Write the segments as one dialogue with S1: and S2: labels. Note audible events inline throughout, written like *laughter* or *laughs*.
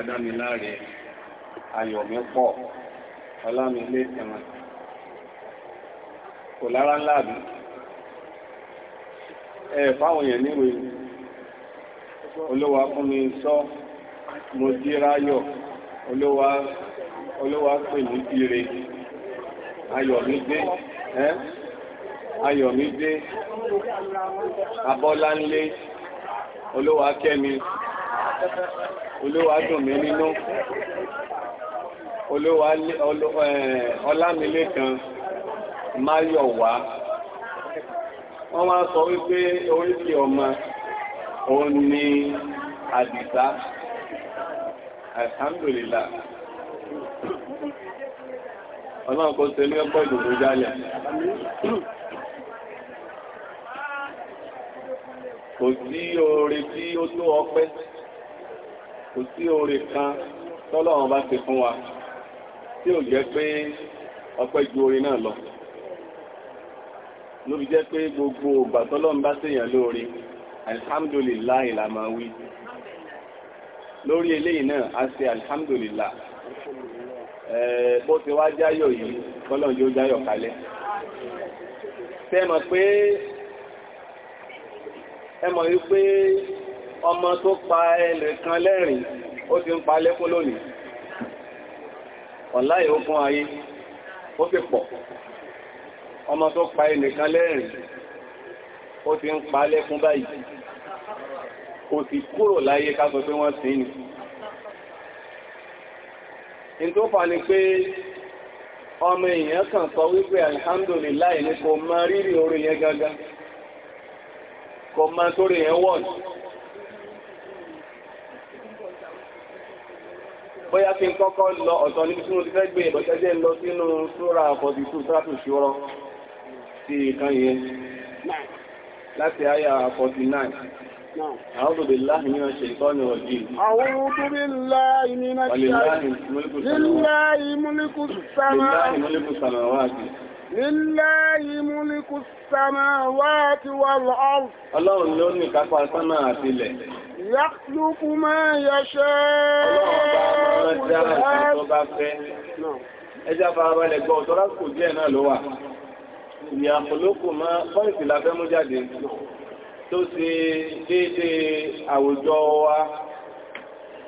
S1: adámiláre ayọ̀mí pọ̀ ọlámilé tẹ̀wọ̀n kò lára ńlá bí ẹ fáwọn èèyàn níwèé olówó fún mi sọ mo díráyọ̀ olówó pè mí dire ayọ̀mí dé ẹ́ ayọ̀mí dé abọ́láńlé olówó akẹ́mi olówó dùn mí nínú olówó ọlámilékan
S2: máyọ̀wá
S1: wọ́n wá sọ wípé oríṣi ọmọ òun ni àdìsá alhamdulilá
S2: ọlọ́run kò ṣe ní ọ̀pọ̀ ìdòdó jálẹ̀
S1: kò sí oore tí ó tó ọpẹ́ sí kò sí oore kan tọ́lọ́run bá ṣe fún wa tí ò jẹ́ pé ọpẹ́ ju oore náà lọ ló fi jẹ́ pé gbogbo ògbà tọ́lọ́run bá ṣèyàn lóore alhamdulillah la máa wí lórí eléyìí náà a ṣe alhamdulillah bó ti wá jáyọ̀ yìí kọ́lọ̀n yóò jáyọ̀ kalẹ̀ tẹ́mọ̀ pé ẹmọ̀ wípé ọmọ tó pa ẹnìkan lẹ́rìn ó ti ń pa lẹ́kún lónìí ọ̀láyé ó fún ayé ó fi pọ̀ ọmọ tó pa ẹnìkan lẹ́rìn ó ti ń pa lẹ́kún báyìí kò sì kúrò láyé ká sọ pé wọ́n sí ni in tó fà ní pé ọmọ èèyàn kan sọ wípé alhamdulillah ní kò mọ rírì orí yẹn gangan kò mọ sórí yẹn wọ́ọ̀dù
S2: bóyá fi kọ́kọ́ lọ ọ̀tọ̀ níbi tí mo ti fẹ́ gbé ìbọ̀tẹ́jẹ́
S1: lọ sínú sóra forty two sáàtù ṣòro ti ìkan yẹn láti àyà forty nine. أعوذ بالله من الشيطان الرجيم أعوذ بالله من الشيطان لله ملك السماوات لله ملك السماوات Líláyí Ọlọ́run ló ní kápá sánmà àti ilẹ̀. Yàkùlùkù máa yẹ ṣe.
S2: Ọlọ́run bá máa dá
S1: jáde tó ṣe déédé àwùjọ wa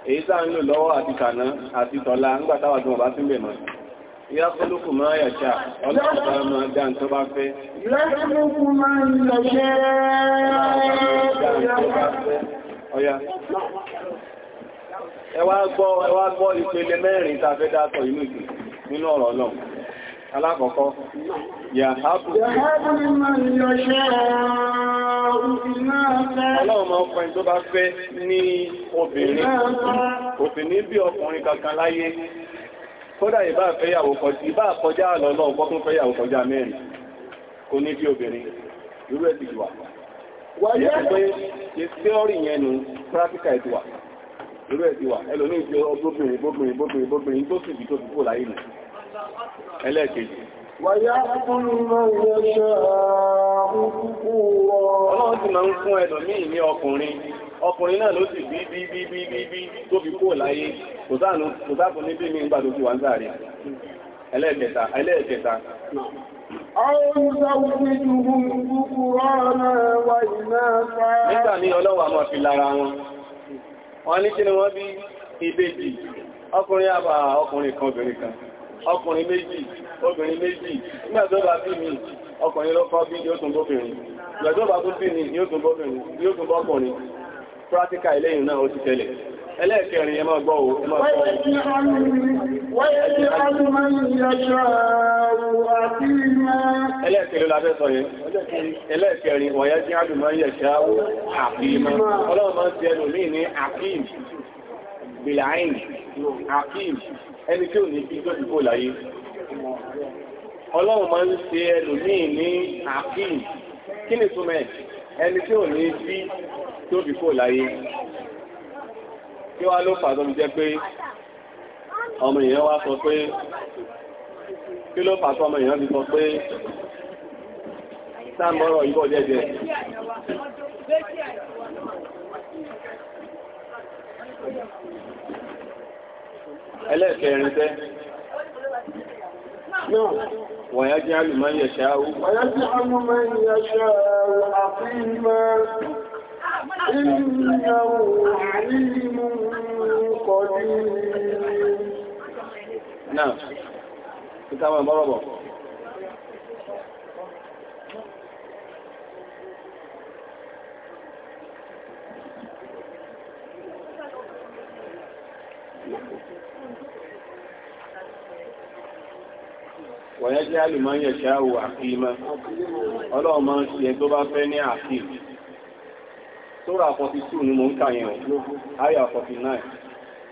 S1: èyí tá ń lò lọ́wọ́ àti kàná àti tọ́lá ńgbàtàwà tó wọ́n bá sílẹ̀ mọ́ ìyá pọ́lókò máa yàṣà ọlọ́pàá máa dá ń tó bá fẹ́ ọya ẹ wá gbọ́ ẹ wá gbọ́ ìpele mẹ́rin tàbí dátọ̀ inú ìgbì nínú ọ̀rọ̀ náà alákọ̀ọ́kọ́ yàhábù ọlọ́run máa fún ẹni tó bá fẹ́ ní obìnrin obìnrin bí ọkùnrin kankan láyé kódà ìbá fẹ́yàwó kọjá ìbá kọjá àlọ́lọ́ ọgbọ́n fẹ́yàwó kọjá mẹ́rin kò ní bí obìnrin irú ẹ̀ ti irú ẹ̀ ti wà ẹlòmí ti ọgbóbìnrin gbóbìnrin gbóbìnrin gbóbìnrin tó sì bí tó ti láyé nù ẹlẹ́ẹ̀kejì
S2: wáyá fún ọlọ́run ti máa ń
S1: fún ẹlòmí miin ọkùnrin ọkùnrin bi bi bi bi mi Nígbà ní ọlọ́wà fi wọ́n ní kí ni wọ́n bí ìbejì ọkùnrin àbà ọkùnrin kan obìnrin kan ọkùnrin méjì obìnrin méjì nígbàtọ́bà bí mi ọkùnrin lọ́kọ́ bí yóò tún bóbìnrin ìgbàtọ́bà tó bí ni yóò tún bọ́kùnrin practical ويجعل من يشاء عقيما ẹlẹ́ẹ̀kẹ̀rẹ́ la fẹ́ sọ yẹn ẹlẹ́ẹ̀kẹ̀rin wọ̀nyá jí àdùmọ́ yẹ̀ ṣáwó àfihàn ọlọ́run máa ń ti ẹnu mí ní àfihàn bìláìn àfihàn ẹni tí ò ní ọlọ́run máa ń ṣe ẹnu ní àfihàn kí ni túmọ̀
S2: ẹni tí ò ní bí tó ti kó láyé kí wá ló fà tó fi pé ọmọ èèyàn wá sọ pé kí ló fà sọmọ èèyàn ti sọ pé sáàmọ́rọ̀ ìbọ̀ jẹ́jẹ́ ẹlẹ́ẹ̀kẹrin tẹ́ náà
S1: wọ̀nyá jẹ́ alùmọ́ yẹ̀ ṣááwú wọ̀nyá
S2: jẹ́ alùmọ́ yẹ̀ ṣááwú àfihàn إنه عليم قدير náà kíkà máa bọ́rọ̀ bọ̀.
S1: wọ̀nyẹ́jẹ́ alùmọ́yẹ̀ ṣáàwò àfihìmá ọlọ́wọ́ ṣe tó bá fẹ́ ní àfihì tó rà 42 ni mò ń kà yẹn ayà 49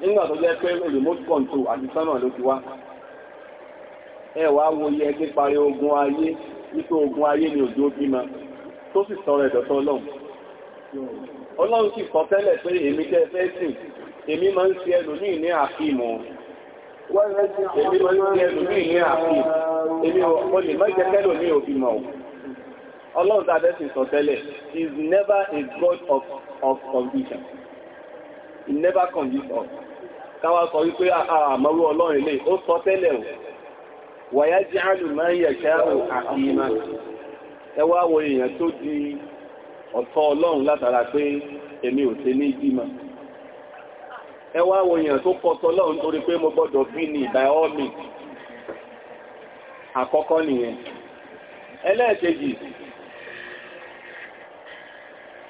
S1: nígbà tó jẹ́ pé remote control àti sánà ló ti wá ẹ wo iye ẹgbẹ́ parí ogun ayé wípé ogun ayé ni òjò bímọ tó sì sọ̀rọ̀ ẹ̀dọ̀tọ̀ ọlọ́run ọlọ́run sì kọ tẹ́lẹ̀ pé èmi jẹ́ fẹ́ èmi máa ń ṣe ẹlòmíì ní àfihàn èmi máa ń ṣe ẹlòmíì ní àfihàn èmi ò lè má jẹ́ kẹ́lòmíì òfin mọ̀ ọlọ́run tàbẹ́ sọ tẹ́lẹ̀ is never a God of, of confusion. he never convinced us sọ wípé ah, ah, àmọ́rú ọlọ́run lè ó sọ tẹ́lẹ̀ o wàyá jẹ́ àlùmọ́ yẹ̀ṣẹ́ àti ìmọ̀ ẹ wo èèyàn tó di ọ̀tọ̀ ọlọ́run látara pé èmi ò se ní ìbímọ ẹ wo èèyàn tó kọtọ ọlọ́run torí pé mo gbọ́dọ̀ bí ní ọ́mì àkọ́kọ́ nìyẹn ẹlẹ́ẹ̀kejì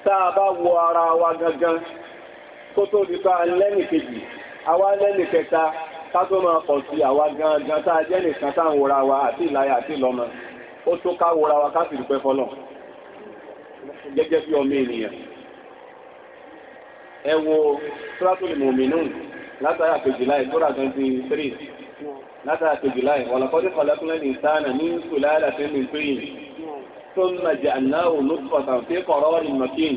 S1: tá a bá wo ara wa gangan kó tó di bá lẹ́nì kejì àwa lẹ́nì kẹta ká tó máa pọ̀ sí àwa gangan tá a jẹ́ nìkan tá ń wòra wa àti ìláyà àti ìlọ́mọ ó tó ká wòra wa ká sì dúpẹ́ fọ́lọ̀ gẹ́gẹ́ bí ọmọ ènìyàn ẹ wo suratul mu'minun látara kejìlá ìtura twenty three látara kejìlá ìwọ̀lọ́kọ́dé kọlẹ́kúnlẹ́ ní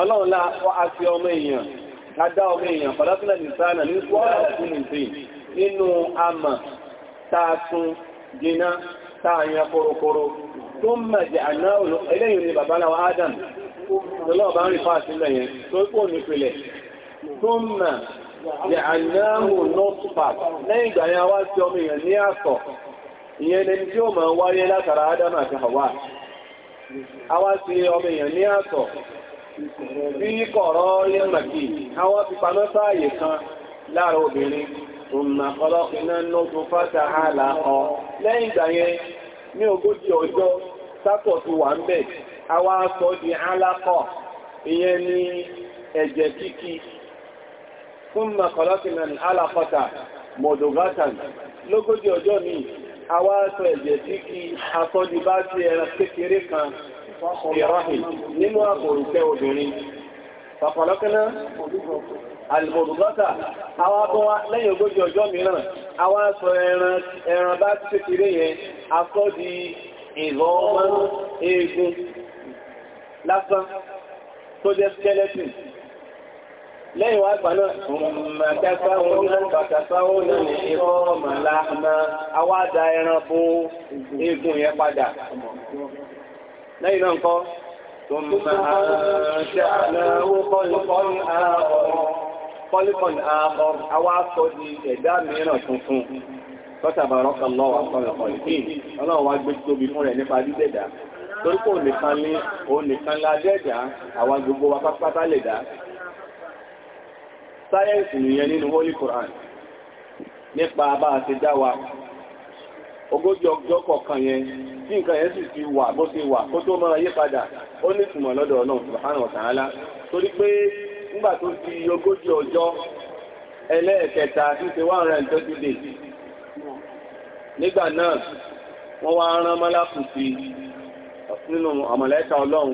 S1: ọlọ́run lá a fi ọmọ èèyàn ká dá ọmọ èèyàn fọlọ́sílẹ̀ nìsáànà ní kọ́ọ̀lá fún ìsìn nínú àmà tààtún jiná tààyàn korokoro tó mẹ́jẹ̀ àná eléyìn ni bàbá náà Adam lọ́wọ́ bá ń rí fáàtí a ti ọmọ èèyàn ní àtọ̀ bí kọ̀rọ̀ yẹ́màkì àwa ti paná sáàyè kan lára obìnrin òmìnà ọlọ́pìnà ọ lẹ́yìn ìgbà yẹn ní ogójì ọjọ́ sátọ̀ tó wà ń di alákọ̀ ìyẹn ni ẹ̀jẹ̀ kíkí fún mọ̀kọ̀lọ́pìnà alákọ̀ta lógójì ọjọ́ àwọn aṣọ ẹ̀jẹ̀ tí kí asọ́jú bá sí ẹran kékeré kan ìrọ́hìn nínú àkòrùkẹ́ obìnrin pàpàlọ́kẹ́lá alìmọ̀dùgbọ́ta àwọn abọ́wá lẹ́yìn ogójì ọjọ́ mìíràn àwọn aṣọ ẹran bá sí kékeré yẹn asọ́jú ìrọ́mọ́ eegun lásán tó jẹ́ skeleton lẹ́yìn wá gbà náà mọ̀kẹ́fẹ́ òun náà bàtẹ́fẹ́ òun náà ní ikọ́ mọ̀lá ọmọ awáda ẹran fún eégún yẹn padà lẹ́yìn náà kọ́ Pọ́lípọ̀n ààbọ̀ awá sọ di ẹ̀dá mìíràn tuntun, tọ́tàbàrọ́ kan lọ́wọ́ pọ̀lọ̀pọ̀lọ̀ kí ọlọ́run wá gbé tóbi fún rẹ̀ nípa dídẹ̀dá. Torípò nìkan ní, òun nìkan ládẹ́dá, sáyẹ́ǹsì nìyẹn nínú holy Quran nípa bá a ti dá wa ogójì ọjọ́ kọ̀ọ̀kan yẹn tí nǹkan yẹn sì ti wà bó ti wà kó tó máa yí padà ó ní ìtumọ̀ lọ́dọ̀ Ọlọ́run subhanahu wa ta'ala torí pé nígbà tó di ogójì ọjọ́ ẹlẹ́ẹ̀kẹta tí ṣe one hundred and thirty days nígbà náà wọ́n wá rán mọ́lákùn sí nínú àmọ̀lẹ́ka Ọlọ́run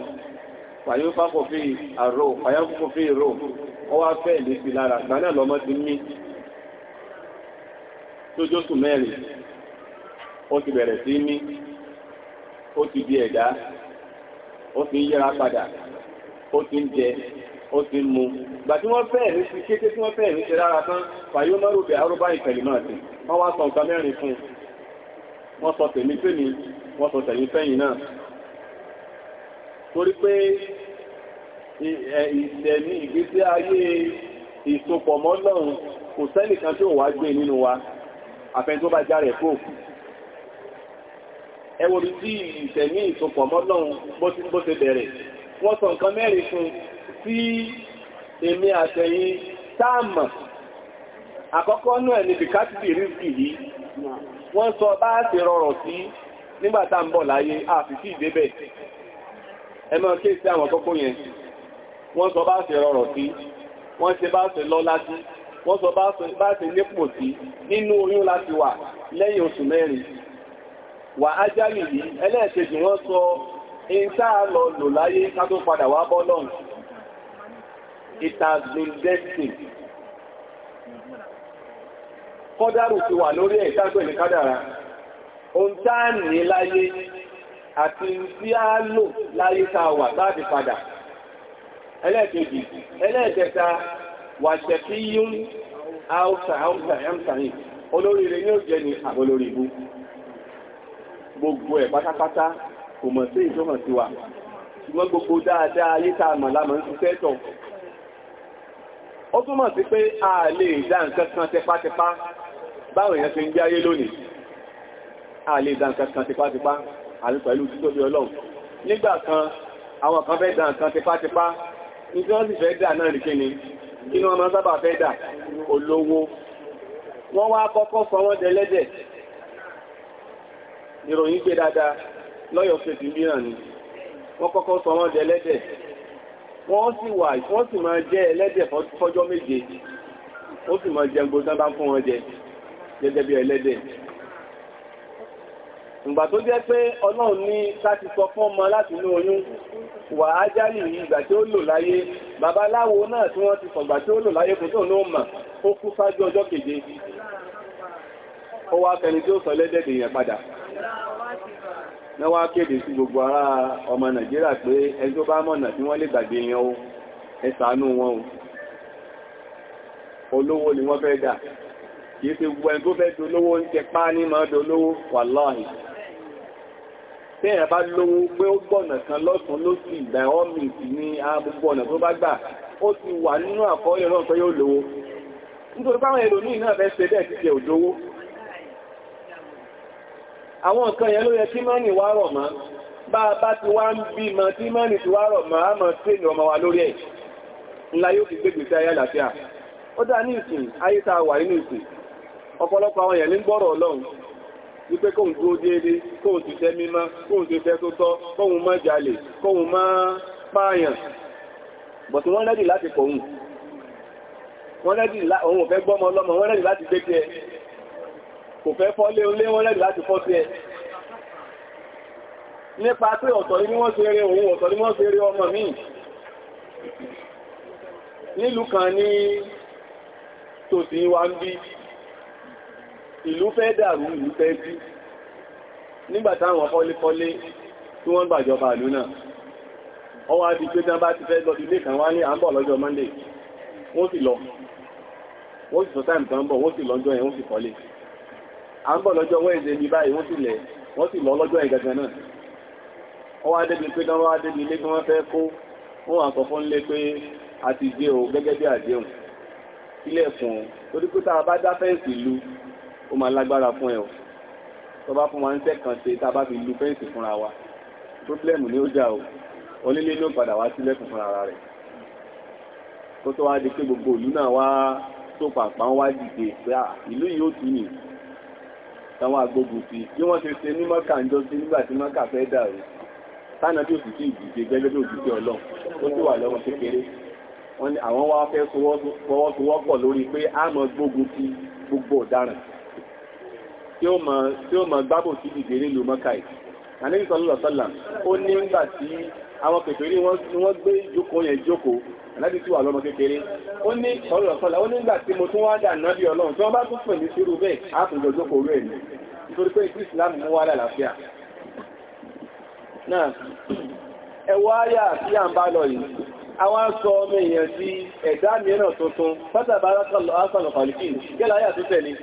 S1: fàyọ́ fàkọ̀fì àrò fàyọ́ fàkọ̀fì àrò ọwá fẹ́ ìlépè lára ìgbà náà lọ́mọ ti mí lójóṣù mẹ́rin ó ti bẹ̀rẹ̀ sí mí ó ti di ẹ̀dá ó ti ń yẹra padà ó ti ń jẹ ó ti ń mu gbà tí wọ́n fẹ́ ẹ̀rí sí kété tí wọ́n fẹ́ ẹ̀rí ṣe lára tán fàyó mọ́rù bẹ̀ arúbá ìfẹ̀lì náà sí wọ́n wá sọ nǹkan mẹ́rin fún wọ́n sọ tèmi fèmi wọ́n sọ tẹ̀yìn fẹ́yìn náà torí pé ìṣẹ̀mí ìgbésí ayé ìsopọ̀ mọ́ Ọlọ́run kò sẹ́nìkan tí ò wá gbé nínú wa àfẹn tó bá járe fò ẹ wo bí tí ìṣẹ̀mí ìsopọ̀ mọ́ Ọlọ́run bó ṣe bẹ̀rẹ̀ wọ́n sọ nǹkan mẹ́rin fún sí èmi àtẹ̀yìn táàmà àkọ́kọ́ nú ẹ̀ níbi kátìbì rízkì yìí wọ́n sọ bá ti rọrọ̀ sí nígbàtà ń bọ̀ láyé àfìsí ìdébẹ̀ ẹmọ́ kéèsì àwọn kọ́kọ́ yẹn wọ́n sọ bá ṣe rọrọ̀ sí wọ́n ṣe bá ṣe lọ́lá sí wọ́n sọ bá ṣe nípò sí nínú oyún láti wà lẹ́yìn oṣù mẹ́rin wà ájálì yìí ẹlẹ́ẹ̀kejì wọ́n sọ in lọ lò láyé ká padà wá bọ́ lọ́n it has been destined kọ́dárù ti wà lórí ẹ̀ tágbẹ̀ ní kádàrá ohun táà ní láyé àti tí a lò láyé ká wà láti padà ẹlẹ́ẹ̀kejì ẹlẹ́ẹ̀kẹta wàṣẹ̀fí yún áùsà áùsà ẹ̀msàyìn olóríire ní òjẹ́ ni àbólórí ibú gbogbo ẹ̀ pátápátá kò mọ̀ sí ìjọ́mọ̀ sí wa ṣùgbọ́n gbogbo dáadáa ayé tá a mọ̀ lámọ̀ ń ṣiṣẹ́ tọ̀ ó túmọ̀ sí pé a lè dá nǹkan kan tipátipá báwọn èèyàn ti ń gbé ayé lónìí a lè dá nǹkan kan tipátipá àti pẹ̀lú títóbi ọlọ́run nígbà kan àwọn kan fẹ́ dá nǹkan tipátipá ní tí wọ́n sì fẹ́ dà náà nìkí ni kí ni wọ́n máa sábà fẹ́ dà olówó wọ́n wá kọ́kọ́ sọ wọ́n dẹlẹ́dẹ̀ ìròyìn gbé dáadáa lọ́yọ̀ fèsì mìíràn ni wọ́n kọ́kọ́ sọ wọ́n dẹlẹ́dẹ̀ wọ́n sì wà wọ́n sì máa jẹ ẹlẹ́dẹ̀ fọ́jọ́ méje ó sì máa jẹ gbogbo tán bá fún wọn jẹ gẹ́gẹ́ bí ẹlẹ́dẹ̀ ìgbà tó jẹ́ pé ọlọ́run ní sáti sọ fún ọmọ láti inú oyún wà á jálì ìgbà tí ó lò láyé babaláwo náà tí wọ́n ti sọ̀gbà tí ó lò láyé kò tó ní ọmọ ó kú sáájú ọjọ́ keje ó wá fẹni tí ó sọ lẹ́dẹ̀dẹ̀ yẹn padà náà wá kéde sí gbogbo ará ọmọ nàìjíríà pé ẹni tó bá mọ̀nà tí wọ́n lè gbàgbé yẹn o ẹ ṣàánú wọn o olówó ni wọ́n fẹ́ dà kìí ṣe gbogbo ẹni tó fẹ́ dolówó ń jẹ páání máa dolówó wàláhì téèyàn bá lówó pé ó gbọ̀nà kan lọ́sùn ló sì ìgbà ọ́mì ní gbogbo ọ̀nà tó bá gbà ó ti wà nínú àkọọ́lẹ̀ náà pé yóò lówó nítorí báwọn ẹlòmíì náà fẹ́ ṣe bẹ́ẹ̀ ti jẹ òjòwó àwọn nǹkan yẹn ló bá a ti wá ń tí ti wá rọ̀ mọ́ mọ́ wa lórí ẹ̀ ńlá yóò fi ayé àlàáfíà ó dá ní ìsìn ayé tá a wà nínú ìsìn ọ̀pọ̀lọpọ̀ àwọn ní wípé kóhun dúró déédé kóhun ti tẹ́ mímọ́ kóhun ti tẹ́ tó tọ́ kóhun má jalè kóhun má pààyàn bọ̀tí wọ́n rẹ́dì láti kọ̀hún wọ́n rẹ́dì òun ò fẹ́ gbọ́mọ ọlọ́mọ wọ́n rẹ́dì láti gbé tiẹ̀ kò fẹ́ fọ́ lé olé wọ́n rẹ́dì láti fọ́ tiẹ̀ nípa pé ọ̀tọ̀ ní wọ́n ṣeré òun ọ̀tọ̀ ní wọ́n ṣeré ọmọ ìlú fẹ́ dàrú ìlú fẹ́ bí nígbà táwọn fọ́léfọ́lé tí wọ́n gbàjọba ìlú náà ọwọ́ adi pé tán bá ti fẹ́ lọ ilé kan wá ní àmbọ̀ lọ́jọ́ Monday wọ́n sì lọ wọ́n sì sọ táìmù kan bọ̀ wọ́n sì lọ́jọ́ ẹ̀ wọ́n sì kọ́lé àmbọ̀ lọ́jọ́ Wednesday ní báyìí wọ́n sì lẹ̀ wọ́n sì lọ lọ́jọ́ ẹ̀ gangan náà ọwọ́ adébi pé tán wọ́n adébi ilé tí wọ́n fẹ́ kó wọ́n àkọ́ fún lé pé a ti o gẹ́gẹ́ bí àdéhùn ilé ẹ̀kùn torí pé a bá dá fẹ́ǹsì lu ó máa lágbára fún ẹ o tó bá fún wa ń tẹ́kàn ṣe tá a bá fi lu fẹ́ǹsì fúnra wa pírọ́blẹ́mù ni ó jà o onílé ní ó padà wá sílẹ̀kùn fúnra rẹ̀ kó tó wá di pé gbogbo ìlú náà wá tó pàpà ń wá dìde pé ìlú yìí ó tù ní táwọn agbógun sí bí wọ́n ṣe ṣe ní mọ́kà ń jọ sí nígbà tí mọ́kà fẹ́ dàrú táwọn bí òsì sí ìdíje gẹ́gẹ́ bí òsì sí ọlọ́run ó sì wà lọ́wọ́ kékeré wọ́n ní àwọn wá fẹ́ fọwọ́sowọ́pọ̀ lórí pé a máa gbógun ti gbogbo ọ̀daràn tí ó mọ̀ gbábò sí ìgbèrè ìlú mọ́kàí àníbi sọ́lọ́lọ́ sọ́lá ó ní ńgbà tí àwọn kèfèrí ni wọ́n gbé ìjókòó yẹn jókòó ànábì tí wà lọ́mọ kékeré ó ní sọ́lọ́lọ́ sọ́lá ó ní ńgbà tí mo tún wá dà nábì ọlọ́run tí wọ́n bá tún pè ní sírú bẹ́ẹ̀ á tún jọ jókòó rẹ̀ ni nítorí pé ìsú islam mú wá lálàáfíà náà ẹwọ ayà tí à ń bá lọ yìí àwọn aṣọ ọmọ èèyàn sí ẹ̀dá mìíràn tuntun pátábára sọ̀lọ̀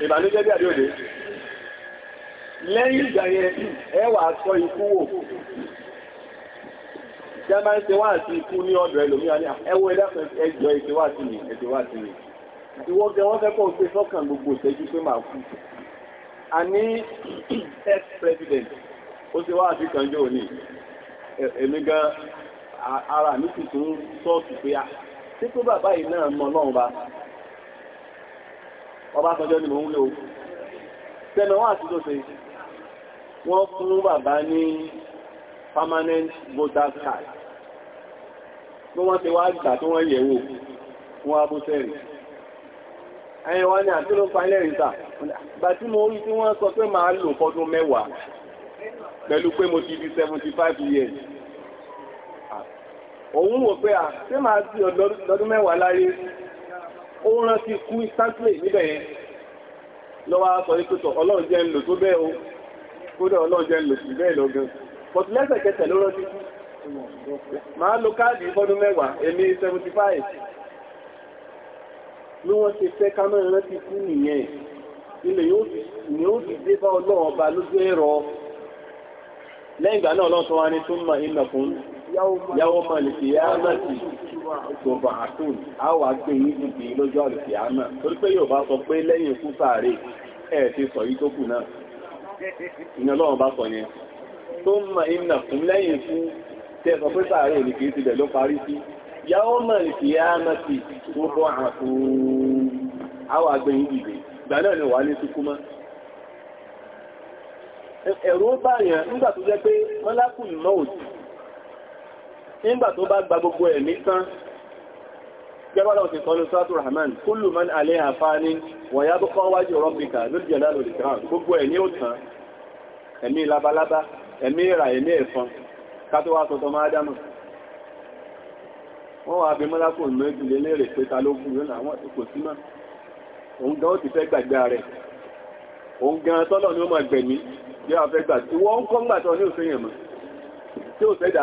S1: ìbànújẹ́ bí àdíòdé lẹ́yìn ìgbà yẹn ẹwà sọ ikú wò tí a máa ń ṣe wá àti ikú ní ọ̀dọ̀ ẹlòmíà ní ẹwọ ẹlẹ́fẹ́ ẹjọ́ ìṣẹ́wà sí mi ẹjọ́wà sí mi ìwọ́n gẹ wọ́n fẹ́ kọ́ pé sọ́kàn gbogbo ìṣẹ́jú pé máa kú a ní ex-president ó ṣe wá àti kànjọ́ òní èmi gan ara mi sì tún sọ́ọ̀tù pé a tí tó bàbá yìí náà mọ́ náà Ọbásanjọ́ ni mò ń lò tẹ́nà wọ́n àti tó ṣe wọ́n fún bàbá ní permanent voters card tó wọ́n ti wá gbà tó wọ́n yẹ̀wò wọ́n abó sẹ́rì ẹ̀yìn wọ́n ni àti ló falẹ̀ ìta gbà tí mo rí tí wọ́n sọ pé máa lò fọ́dún mẹ́wàá pẹ̀lú pé mo ti di 75 years òun wò pé à ṣé máa sí ọdún mẹ́wàá láyé ó rántí kú instantly níbẹ̀ yẹn lọ́wọ́ sọ ní pẹ̀tọ̀ ọlọ́run jẹ́ ń lò tó bẹ́ẹ̀ o kódà ọlọ́run jẹ́ ń lò sí bẹ́ẹ̀ lọ́gán but lẹ́sẹ̀kẹsẹ̀ ló rántí kú máa lo káàdì fọ́dún mẹ́wàá èmi 75 ló wọ́n ti fẹ́ ká mẹ́rin rántí kú nìyẹn ilẹ̀ ni ó fi dé bá ọlọ́run ọba lójú ẹ̀rọ lẹ́yìn ìgbà náà ọlọ́run tó wá ní tó ṣòfò àtún a wà gbé yín dìde lójú àlùfẹ́ àmà torí pé yóò bá sọ pé lẹ́yìn ikú sáré ẹ̀ ti sọ yí tó kù náà ìyẹn lọ́wọ́ bá sọ yẹn tó ń mọ ìnà fún lẹ́yìn ikú tẹ́ sọ pé sáré ní kìí tilẹ̀ ló parí sí yàwó mọ̀ ìfẹ́ àmà sí ṣòfò àtún a wà gbé yín dìde ìgbà náà ni wà ní síkú mọ́ ẹ̀rù ó bá yẹn nígbà tó jẹ́ pé mọ́lákùn náà nígbà tó bá gba gbogbo ẹ̀mí tán gẹ́gbọ́lọ́ ti sọ́lú sọ́tù rahman kúlù man alẹ́ àfáàní wọ̀n yá tó kọ́ wájú rọ́bìkà lójújẹ́ lálòdì kan gbogbo ẹ̀mí ò tán ẹ̀mí labalábá ẹ̀mí ìrà ẹ̀mí ẹ̀fọn kátó wá sọ́tọ́ máa dámà wọ́n wá bí mọ́lápò mẹ́jùlé lérè pé ta ló gùn lónà àwọn kò sí mọ́ òun gan ó ti fẹ́ ni ó fẹ́ gbà tí wọ́n ń kọ́ ń gbà tọ́ ní òfin mọ́ tí ò fẹ́ dá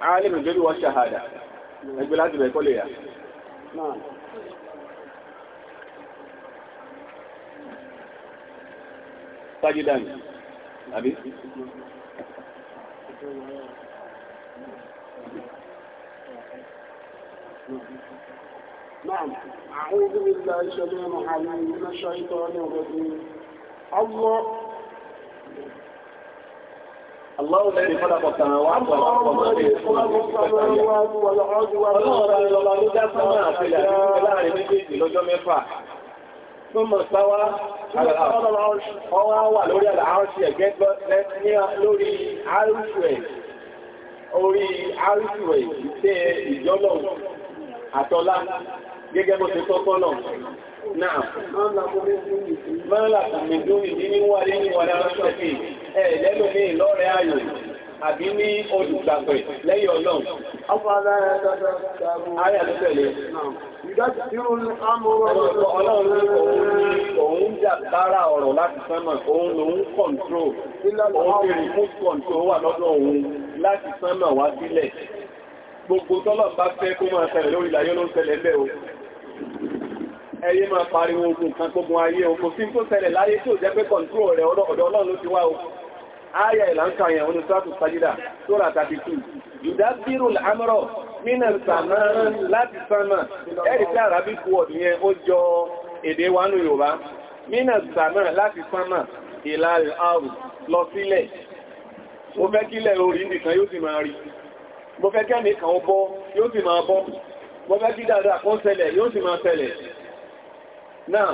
S1: alimin lórí wọ́n ṣàhádà ẹgbẹ́ láti bẹ̀ẹ́kọ́ lè yà sajidan àbí نعم أعوذ بالله الشيطان العليم من الشيطان الرجيم الله اللهم إني خلق السماوات والأرض والأرض ثم استوى على العرش هو ولوري العرش يجب لوري عرش orí àríṣù ẹ̀ ìtẹ́ ìjọ́lọ̀ àtọ́lá gẹ́gẹ́ bó ti tọ́kọ́ náà náà mọ́lá kùnmí dúnmí ní níwà àbí ní olùgbàgbẹ̀ lẹ́yìn ọlọ́run. Ọkọ̀ alára ẹ̀ta Ayà ló tẹ̀lé. Ìdájú tí ó ní àmúrọ̀ ọlọ́run ní òun ní òun jà bára ọ̀rọ̀ láti sánmà, òun lòun kọ̀ntró, òun fi rìmúùt kọ̀ntró wà lọ́dọ̀ ẹyẹ máa pariwo ogun kan gbogbo ayé ogun tí tó ṣẹlẹ̀ láyé tí ò jẹ́ pé kọ̀ǹtúrò rẹ̀ ọ̀dọ̀ ọlọ́run ló ti wá o ayé ìlànkà yẹn òní sọ́tù sajida sóra 32 ìdábírù àmọ́rọ̀ nínà sàmà láti sánmà ẹ̀rì tí àràbí kú ọ̀dù yẹn ó jọ èdè wánú yorùbá nínà sàmà láti sánmà ìlà àrùn lọ sílẹ̀ mo fẹ́ kílẹ̀ orí nìkan yóò sì máa rí mo fẹ́ kẹ́mì kan bọ́ yóò sì máa bọ́ mo fẹ́ kí dáadáa kan ṣẹlẹ̀ yóò sì máa ṣẹlẹ̀ náà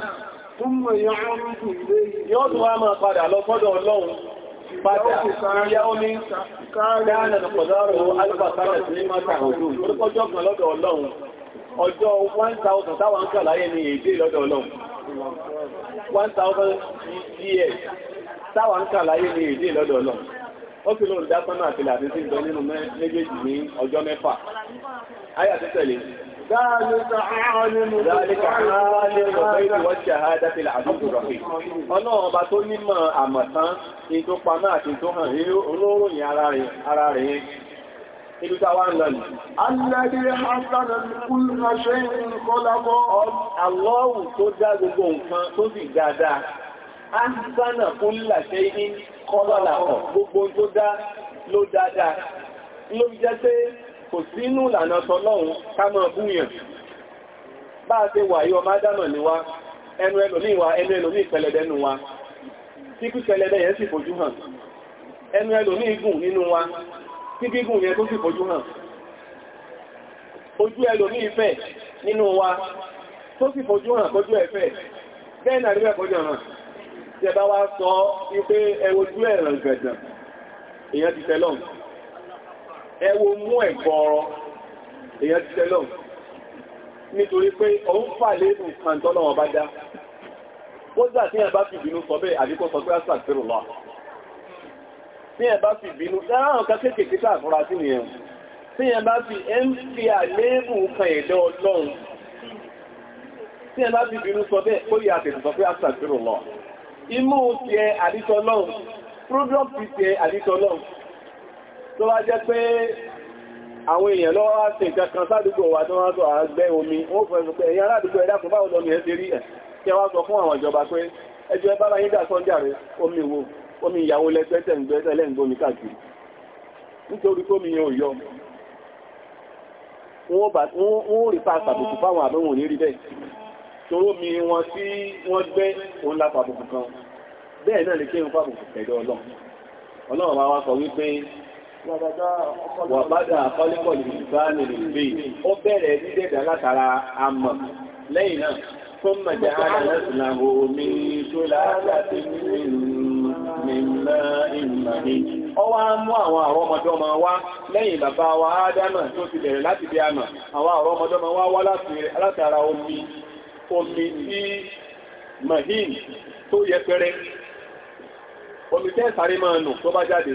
S1: tó mọ̀ yọ ọrùn jù yóò tó wá máa padà lọ fọ́dọ̀ ọlọ́run padà ìyá omi káàrẹ̀ ànàpọ̀dárò alùpàtàrà sí ní máta òjò orúkọjọ́ kan ọjọọ ọlọ́run ọjọ́ 1000 táwọn kà láyé ní èdè lọ́dọ̀ ọlọ́run
S2: 1000 years
S1: táwọn kà láyé ní èdè lọ́dọ̀ ọlọ́run ó fi
S2: ọjọ́ ذلك عالم ذلك عالم الغيب
S1: والشهادة العزيز الرحيم Ọlọ́run ọba tó nímọ̀ àmọ̀tán in tó pamọ́ àti tó hàn ní olóòròyìn ara rẹ̀ ìlú tàwà ń lọ́nà. Alẹ́dí Hassanà kúrò ṣe ń kọ́lábọ́ Allahu tó dá gbogbo nǹkan tó sì dáadáa. Hassanà kúrò ṣe ń kọ́lọ́lá kò sínú ìlànà tọ́lọ́run ká máa búyàn bá a ṣe wà yí ọmọ ádámọ̀ ni wá ẹnu ẹlòmíì wa ẹnu ẹlòmíì pẹlẹdẹnu wa tí kí pẹlẹdẹ yẹn sì fojú hàn ẹnu ẹlòmíì gùn nínú wa tí gígùn yẹn tó sì fojú hàn ojú ẹlòmíì fẹ̀ nínú wa tó sì fojú hàn kójú ẹ̀fẹ̀ bẹ́ẹ̀ náà rí ẹ̀kọ́jọ́ hàn tí ẹ bá wá sọ wípé ẹwojú ẹ̀ràn gẹ̀dàn èèyàn ti tẹ́lọ́mù ẹ wo mú ẹ̀gbọ́ ọ̀rọ̀ èèyàn ti tẹ́lọ̀ nítorí pé òun fà lẹ́nu kan tọ́lọ̀ wọn bá dá ó gbà tí ẹ bá fi bínú sọ bẹ́ẹ̀ àdíkọ́ sọ pé àṣàkìrò lọ tí ẹ bá fi bínú dáhùn kan kéèkéé ká àfúra sí nìyẹn tí ẹ bá fi ẹ ń fi àlẹ́bù kan ẹ̀dẹ́ ọlọ́run tí ẹ bá fi bínú sọ bẹ́ẹ̀ ó yà tẹ̀sì sọ pé àṣàkìrò lọ imú ti ẹ àdíkọ́ lọ́run tó bá jẹ́ pé àwọn èèyàn lọ́wọ́ wá sí nǹkan kan sádùgbò wà tó wọ́n tó àgbẹ́ omi wọ́n fẹ́ sọ pé èyàn aládùgbò ẹ̀dá fún báwọn lọ́nà ẹ̀sẹ̀ rí ẹ̀ kí wá sọ fún àwọn ìjọba pé ẹjọ́ ẹ bára yídà sọ́jà rẹ̀ omi wo omi ìyàwó lẹ́gbẹ́sẹ̀ ńgbẹ́sẹ̀ lẹ́ǹgbómi káàkiri nítorí kómi yẹn ò yọ wọ́n rí pa àtàbùkù fáwọn àbẹ̀wọ̀n ní rí bẹ́ẹ̀ toró mi wọn tí wọ́n gbẹ́ òun lápapọ̀ kan bẹ́ẹ̀ náà lè kí n fàbùkù pẹ̀lú ọlọ́run ọlọ́run máa wá sọ wípé wà bádà kọ́líkọ̀lì ìbáni lè gbé ó bẹ̀rẹ̀ dídẹ̀dà látara àmọ̀ lẹ́yìn náà fún mẹ̀jẹ̀ ara lẹ́sìn náà omi tó láti mímọ́ ìmọ̀ni ọ wá mú àwọn àwọn ọmọdọ́mọ wá lẹ́yìn bàbá wa ádámà tó ti bẹ̀rẹ̀ láti bí àmà àwọn àwọn ọmọdọ́mọ wá wá látara omi omi tí mahim tó yẹpẹrẹ omi tẹ́ sáré nù tó bá jáde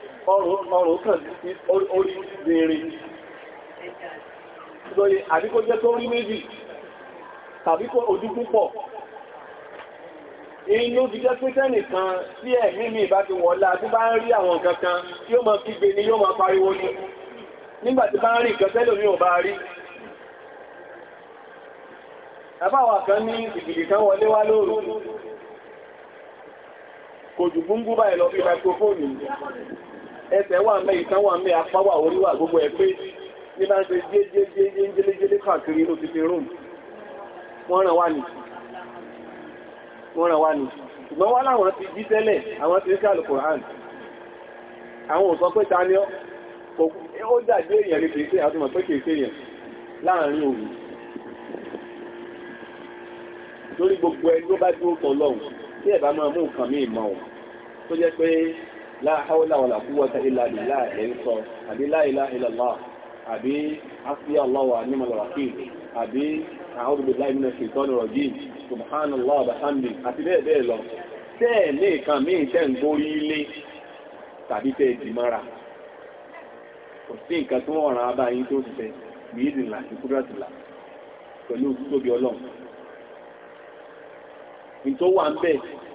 S1: ọrùn kàn sí orí bèèrè lóye àdíkò jẹ́ tó rí méjì tàbí kó ojú púpọ̀ inú jíjẹ́ pẹ́sẹ́nì kan sí ẹ̀mí mi bá ti wọ̀lá tí bá ń rí àwọn kankan tí ó máa kígbe ni yóò máa pariwo ni nígbàtí bá ń rí nǹkan tẹ́lò ní ọba rí ẹbáwà kan ní ìgbìgbì kan wọlé wá lóòrù kò jù gúngú báyìí lọ bí microphone ẹsẹ̀ wà mẹ́ ìkan wà mẹ́ apá wà orí wà gbogbo ẹ̀ pé ní bá ń ṣe jẹ́jẹ́jẹ́ jẹ́lẹ́jẹ́lẹ́ káàkiri inú ti fi rúùmù wọ́n ràn wá ní ṣùgbọ́n wá láwọn ti jí tẹ́lẹ̀ àwọn ti ń kàlù Kùrán àwọn ò sọ pé ta ní ó dàbí èèyàn ní kèèké àti mọ̀ pé kèèké láàrin lórí gbogbo ẹni bá dúró kan tí ẹ̀bá máa la hawla wala quwwata illa billah lẹ́yìn sọ àbí la ilaha illallah àbí afi allah wa ni mal wakil àbí a'udhu billahi minash shaitanir rajim subhanallah wa bihamdi àti bẹ́ẹ̀ bẹ́ẹ̀ lọ tẹ́ẹ̀ ní nǹkan míì tẹ́ ń gorí ilé tàbí tẹ́ ẹ dìmára kò sí nǹkan tó wọ́n ràn á bá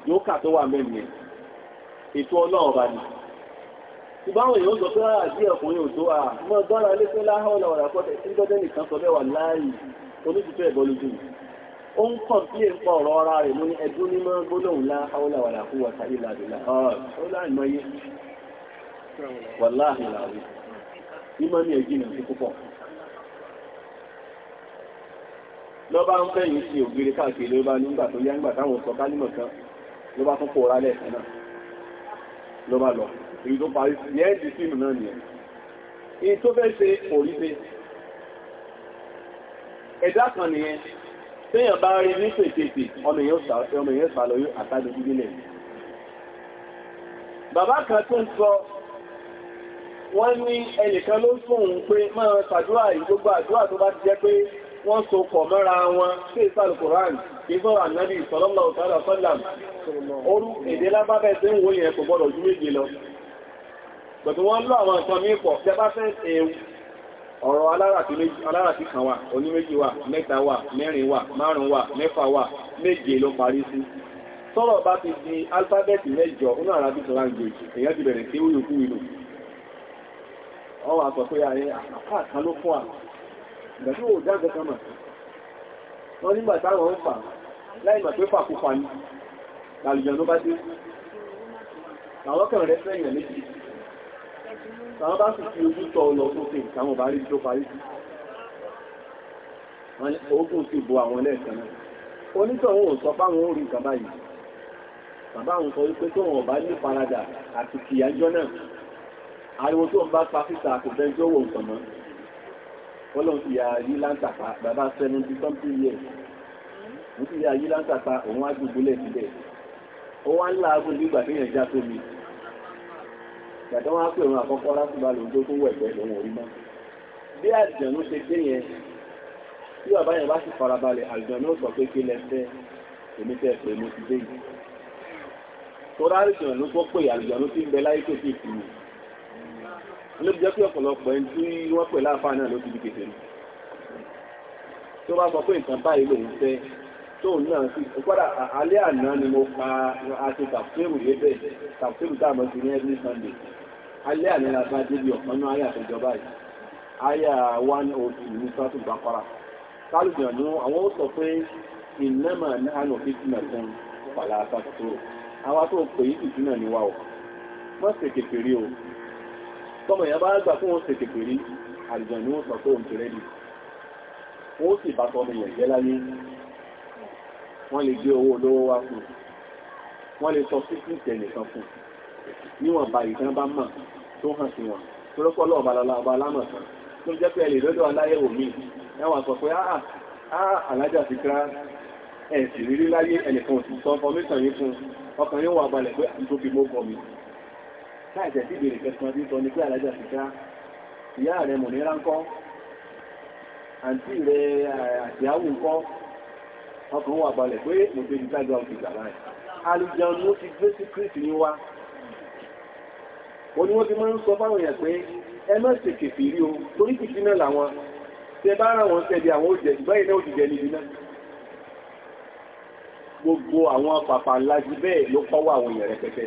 S1: yóò kà tó wà ń ètò ọlọ́run bá ní ìbáwọn èèyàn sọ pé rárá ah, sí ọkùnrin ò tó à mọ́ gbọ́ra lé pé láhọ́ọ̀lọ́ ọ̀rà pọ́tẹ̀ tí gbọ́dẹ́ nìkan sọ bẹ́ẹ̀ wà láàyè oníṣìṣẹ́ ìbọlú jù ó ń kàn sí nǹkan ọ̀rọ̀ ara rẹ̀ ló ní ẹdú nímọ̀ gbólóhùn láhọ́ọ̀lọ́ ọ̀rà fún wọ̀ta ìlà àdìlà ọ̀rọ̀ láìmọye
S2: wàláhì làwí
S1: ìmọ̀ ní ẹ̀jì nà sí púpọ̀ lọ́ba ń fẹ́yìn ló bá lọ èyí tó parí sí ẹ́ di fíìmù náà nìyẹn èyí tó fẹ́ ṣe òríṣe ẹ̀dá kan nìyẹn téèyàn bá rí ní pèkèkè ọmọ èèyàn sà lọ yóò àtàdé gbígbé lẹ̀ bàbá kan tó ń sọ wọ́n ní ẹnìkan ló fún òun pé máa ṣàdúrà ìgbógbó àdúrà tó bá ti jẹ́ pé wọ́n so pọ̀ mọ́ra wọn sí ìsàlùkùránì ìfọ́ ànábì ìsọ̀lọ́lọ́ ọ̀tọ́lọ́ sọ́làm orú èdè lábábẹ́ tí ń wòye ẹ̀kọ́ gbọ́dọ̀ ju méje lọ pẹ̀tù wọ́n lọ àwọn nǹkan mí pọ̀ tẹ́ bá fẹ́ ṣe ọ̀rọ̀ aláràtí kan wà oní méjì wà mẹ́ta wà mẹ́rin wà márùn wà mẹ́fà wà méje ló parí sí sọ̀rọ̀ bá ti di alfábẹ́ẹ̀tì mẹ́jọ inú Arabic language èyàn ti bẹ̀rẹ̀ sí wíyòkú ìlú ọwọ́ àpọ̀ pé àyẹ́ àkáàkan ló wọ́n nígbà táwọn ń fà láì mà pé fàkúfà ní àlùjọ̀nú bá dé àwọn kan rẹ̀ fẹ́yìn méjì àwọn bá sì fi ojú tọ́ lọ sókè àwọn bá rí tó parí wọ́n ní ogun sì bo àwọn lẹ́ẹ̀kan náà onítọ̀hún ò sọ fáwọn orí nǹkan báyìí bàbá àwọn sọ wípé tó wọn bá ní faradà àti kìyàjọ́ náà ariwo tó ń bá pa síta kò bẹ́ẹ̀ tí nǹkan mọ́ fọlọ́n ti yà yí láǹtàpá bàbá seventy something years mo ti yà yí láǹtàpá òun á gbogbo lẹ̀ síbẹ̀ ó wá ń láàgùn nígbà tí èèyàn já tó mi gbàtọ́ wọn á pè wọn àkọ́kọ́ lásìbà lòun tó tún wẹ̀ pẹ́ lòun ò rí mọ́ bí àjọ̀nú ṣe dé yẹn tí bàbá yẹn bá sì farabalẹ̀ àjọ̀nú sọ pé kí lẹ́sẹ̀ èmi tẹ́ pé mo ti dé yìí tó rárí ìjọ̀nú tó pè àjọ̀nú tí ń bẹ láyé tó ti kù yìí ló jẹ́ pé ọ̀pọ̀lọpọ̀ ẹni tí wọ́n pè láàfáà náà ló ti di kékeré tó bá sọ pé nǹkan báyìí lòun fẹ́ tóun náà sì ìpadà alẹ́ àná ni mo pa àti tàfsírù lébẹ̀ tàfsírù táàmù ti ní every Sunday alẹ́ àná la bá débi ọ̀kan náà ayà àtẹjọba yìí ayà one oh two ní sátú bàkọ́ra kálùjọ̀nù àwọn ó sọ pé ìnáma náà nà fífínà tán pàlà àtàkùtò àwa tó pè é ìfínà ni wa o wọ́n sì kékeré o tọmọ èèyàn bá gbà fún wọn ṣe tètè rí àlùjọ ni wọ́n sọ pé òun ti rẹ́dì wọ́n sì bá tọmọ èèyàn jẹ́ láyé wọ́n lè gbé owó olówó wá fún wọ́n lè sọ sí kíkẹ́ nìkan fún níwọ̀n bá ìtàn bá mọ̀ tó hàn sí wọn tó lọ́pọ̀ lọ́wọ́ balala ọba alámọ̀ kan tó jẹ́ pé ẹlẹ́ lọ́dọ̀ aláyẹ̀wò míì ẹwà sọ pé áà alájà ti kíra ẹ̀sìn rírí láyé ẹnìkan ò sì sọ fọmíṣàn yìí fún ọkàn yóò wà balẹ̀ pé àtúntò fi mọ́ gọ́ mi láìsẹ̀ sí ìbèrè kẹsàn tí sọ ní pé alájà síká ìyá rẹ mọ̀nira ń kọ́ àǹtí rẹ àtìyáwó ń kọ́ ọkàn wà balẹ̀ pé mo gbé ní tágbà òkè gbà láì alùjẹun ló ti gbé sí kírísì ní wá ó ní wọ́n ti máa ń sọ fáwọn èèyàn pé ẹ má ṣe kèfì rí o torí kìkì náà làwọn tẹ bá ara wọn tẹ̀lé àwọn òjẹ̀ ìgbẹ́ iná òjìjẹ níbi náà gbogbo àwọn pàpà ńlá ju bẹ́ẹ̀ ló pọ́wọ́ àwọn èèyàn rẹpẹtẹ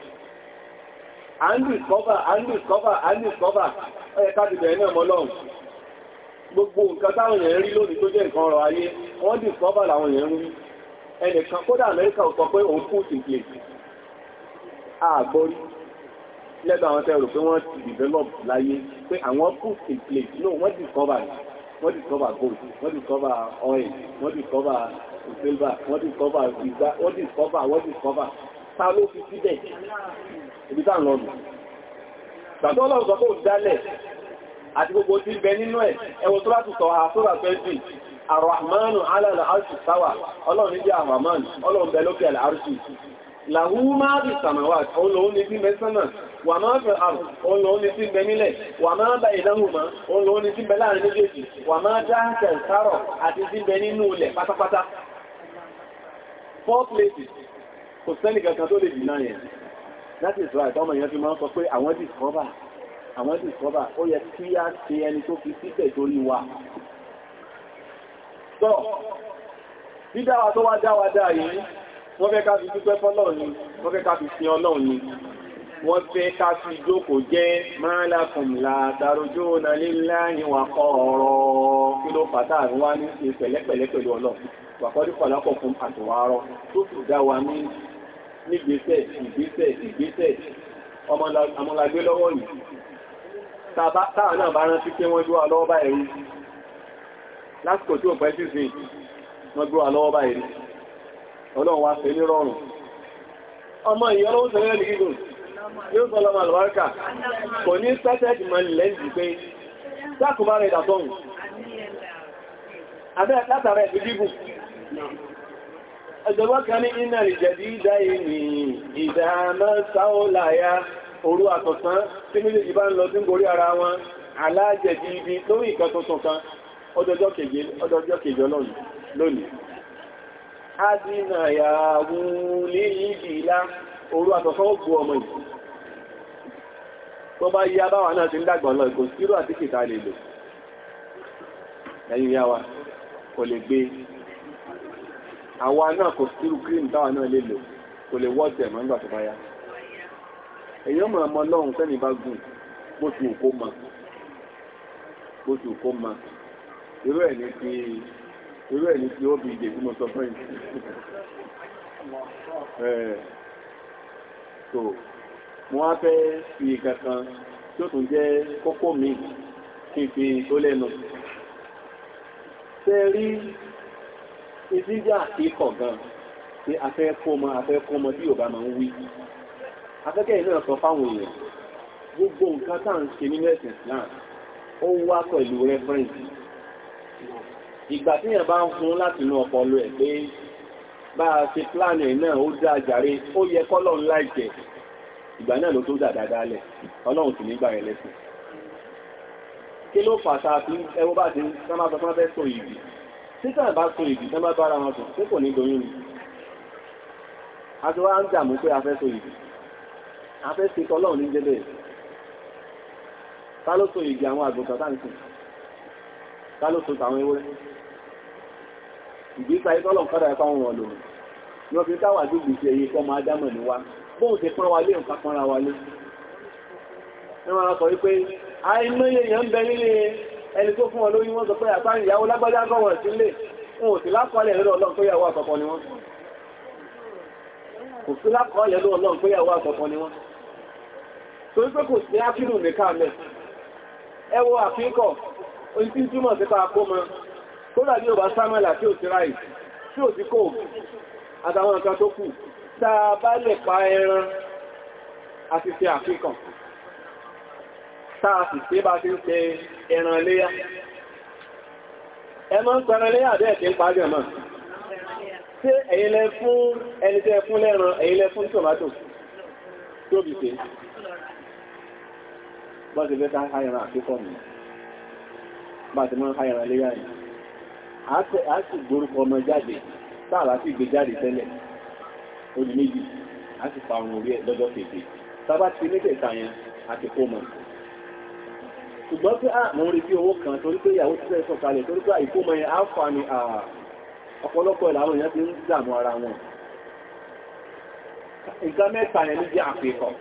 S1: àndì kọ́bà àndì kọ́bà àndì kọ́bà ẹ̀yẹ káàdì bẹ̀rẹ̀ náà mọ́ lọ́hùn gbogbo nǹkan táwọn èèyàn rí lónìí tó jẹ́ nǹkan ọ̀rọ̀ ayé wọ́n dì kọ́bà làwọn èèyàn rí ẹnìkan kódà Amẹ́ríkà sọ pé òun kú ìsìnkè àgbọ́rí lẹ́gbà àwọn tẹ́rù pé wọ́n ti develop láyé pé àwọn put in place no wọ́n discover wọ́n discover gold wọ́n discover oil wọ́n discover silver wọ́n discover ìgbà wọ́n discover wọ́n discover ta ló fi síbẹ̀ sáàlọ́nù gbàtọ́ ọlọ́run sọ pé ò dálẹ̀ àti gbogbo tí bẹ nínú ẹ̀ ẹwọ tó láti sọ àtúrà pẹ́sì àrọ̀hàmánù alàlà arṣù sáwà ọlọ́run jẹ́ àrọ̀hàmánù ọlọ́run bẹ lókè àlà arṣù làwú máa bí sàmàwà olóhun ní sí mẹ́sánà wà máa fẹ́ àrùn olóhun ní sí bẹ nílẹ̀ wà máa bá ìdáhùnmá olóhun ní sí bẹ láàrin méjèèjì wà máa dáhùn sárọ̀ àti sí bẹ nínú ilẹ̀ pátápátá four places kò sẹ́nì kankan tó lè dì náà yẹn that is why ọmọ yẹn fi máa ń sọ pé àwọn discover àwọn discover ó yẹ kí á ṣe ẹni tó fi síbẹ̀ torí wa tọ́ dídáwà tó wá dáwà dá yìí wọ́n fẹ́ ká fi dúpẹ́ fọ́lọ́run ni wọ́n fẹ́ ká fi sin ọlọ́run ni wọ́n fẹ́ ká fi jókòó jẹ́ máa lákùn látàrójú nàlélàáyìn wà kọ́ ọ̀rọ̀ kí ló fàtà àríwá ní ṣe pẹ̀lẹ́pẹ̀lẹ́ pẹ̀lú ọlọ́run wà kọ́ dípọ̀ lápọ̀ fún àtùwárọ̀ tó sì dá wa ní nígbésẹ̀ ìgbésẹ̀ ìgbésẹ̀ ọmọlágbé lọ́wọ́ yìí táà náà bá rántí pé wọ́n gbówà lọ́wọ́ báyìí rí lásìkò tí ò pẹ́ sí sí wọ́n gbówà lọ́wọ́ báyìí rí ọlọ́run wá fẹ́ ní rọrùn ọmọ ìyọ́ lọ́wọ́ sẹ́yẹ́ ní gígùn
S2: yóò sọ lọ́mọ àlùbáríkà kò ní sẹ́sẹ́ẹ̀tì mọ́ lẹ́ǹdì pé sákùnbára ìdàtọ́hùn abẹ́ látara ẹ̀fẹ́ gígùn ẹgbẹ̀gbọ́n kan ní iná
S1: ìjẹ̀dí ìdá ìní ìdáàmọ́ sáólàyá òru àtọ̀sán tí méjèèjì bá ń lọ sí gorí ara wọn alájẹ̀dí ibi lórí ìkan tuntun kan ọdọjọ́ keje ọdọjọ́ keje lónìí adínà yàwó ní ìdìlá òru àtọ̀sán ó gbọ́ ọmọ yìí tó bá yí àwa náà kò sí irú cream táwa náà lè lò kò lè wọ́ tẹ̀ mọ́ nígbà tó bá yá èèyàn mọ̀ ọmọ ọlọ́run sẹ́ni bá gùn bó ti òkó mọ bó ti òkó mọ irú ẹ̀ ní ti irú ẹ̀ ní ti ó bí ìdè tí mo sọ fún yìí *laughs* so wọ́n á fẹ́ fi kankan tí tún jẹ́ kókó mi kí n fi tó lẹ́nu ṣe ìdíjà àkíkọ̀ gan pé afẹ́ kó mọ afẹ́ kó mọ bí yorùbá máa ń wí afẹ́kẹ́ yìí náà sọ fáwọn èèyàn gbogbo nǹkan tá à ń ṣe nínú ẹ̀sìn Islam ó wá pẹ̀lú rẹ́fẹ́rẹ́ǹsì ìgbà tí yẹn bá ń fún láti inú ọpọlọ ẹ̀ pé bá a ṣe pílánì ẹ̀ náà ó dáa jàre ó yẹ kọ́lọ́run láìjẹ́ ìgbà náà ló tó dà dáadáa lẹ̀ ọlọ́run sì nígbà yẹn lẹ́sìn kí ló fà tá a ẹwọ́ bá ti ń sábà sọ fún abẹ́ sọ títà bá so ìdí tán bá bára wọn sùn tí ní doyún ni a ti wá ń dààmú pé a fẹ́ so ìdí a fẹ́ ṣe tọ́lọ́run ní jẹ́bẹ̀ ta ló ìdí àwọn àgùntàn tá tàwọn ìtọ́lọ̀ wa bóun ti pọ́n nǹkan pọ́nra sọ wípé àìmọye èèyàn ẹni tó fún ọ lóyún wọ́n sọ pé àpá ìyàwó lágbájá gọ́wọ̀n sílé wọn ò sí lákọọ́lẹ̀ lọ́dọ̀ ọlọ́run pé ìyàwó àkọ́kọ́ ni wọ́n kò sí lákọọ́lẹ̀ lọ́dọ̀ ọlọ́run pé ìyàwó àkọ́kọ́ ni wọ́n torí pé kò sí ákírù nìka mẹ́ ẹ wo àfíkọ̀ oní tí túmọ̀ sí pàápó mọ tó dàbí ọba samuela tí ò sí ráì tí ò sí kò àtàwọn nǹkan tó kù tá a bá lè pa ẹran àti fi àfíkàn táàfì tí bá ti ń ṣe ẹran léyá ẹ máa ń sọ ẹran léyá bẹ́ẹ̀ tí ń pàájọ mọ́ ṣé ẹ̀yin lẹ fún ẹni tẹ́ fún lẹ́ran ẹ̀yin lẹ fún tòmátò tóbi pé bá ti lẹ́ta háyẹran àkíkọ́ mi bá ti máa háyẹran léyá yìí a sì gbórúkọ ọmọ jáde táàlá sì gbé jáde tẹ́lẹ̀ ó di méjì a sì fa ohun orí ẹ̀ lọ́jọ́ kejì sábà ti ní kẹta yẹn àti kó mọ̀ ṣùgbọ́n pé àmọ́ orí bí owó kan torí pé ìyàwó ti fẹ́ sọ̀kalẹ̀ torí pé àìkómọ yẹn áfà ni ọ̀pọ̀lọpọ̀ ìlànà yẹn ti ń dààmú ara wọn nǹkan mẹ́ta yẹn ní jẹ́ àfihàn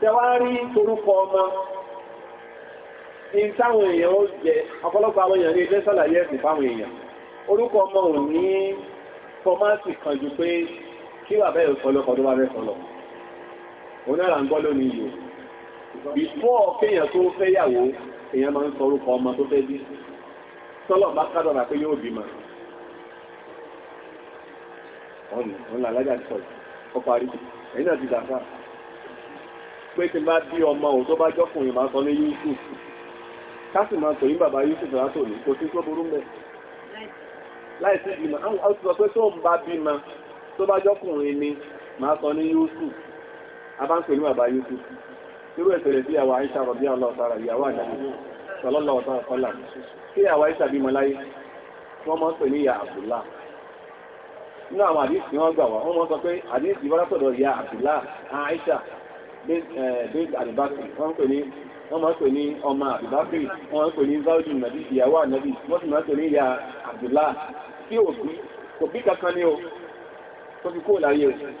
S1: tẹwárí torúkọ ọmọ in táwọn èèyàn ó jẹ ọ̀pọ̀lọpọ̀ àwọn èèyàn ní ilé sọ́làyé ẹ̀sìn fáwọn èèyàn orúkọ ọmọ ò ní fọmáàtì kan ju pé kí wà bẹ́ẹ̀ sọlọ́kọ̀ tó bá bẹ́ẹ̀ sọlọ́ before kéèyàn tó fẹ́yàwó èèyàn máa ń sọ orúkọ ọmọ tó fẹ́ bí sọ́lọ̀ bá kádọ̀rà pé yóò bímọ ọ̀nà òun làlájà ti sọ̀rọ̀ ó parí ẹ̀yìn náà ti dàgbà pé tí bá bí ọmọ òun tó bá jọ́kùnrin máa sọ ní Yusuf ká sì máa tòyìn bàbá Yusuf látò ní kò sí tó burú mẹ́ láìsí ìbímọ àwọn pé tó ń bá bímọ tó bá jọ́kùnrin ni máa sọ ní Yusuf a bá ń pè ní bàbá Yusuf irú ẹ̀sẹ̀rẹ̀ sí àwọn àìṣà rọ̀bí aláwọ̀sára ìyàwó àdáni sọlọ́lọ́wọ́sára kọ́là sí àwọn àìṣà bí mọ́láyé wọ́n mọ́ pè ní ìyá àbúlá nínú àwọn àdíṣì wọ́n gbà wá wọ́n mọ́ sọ pé àdíṣì wọ́n látọ̀dọ̀ ìyá àbúlá àìṣà bẹ́ẹ̀ àdìbákì wọ́n pè ní wọ́n máa ń pè ní ọmọ àbìbákì wọ́n máa ń pè ní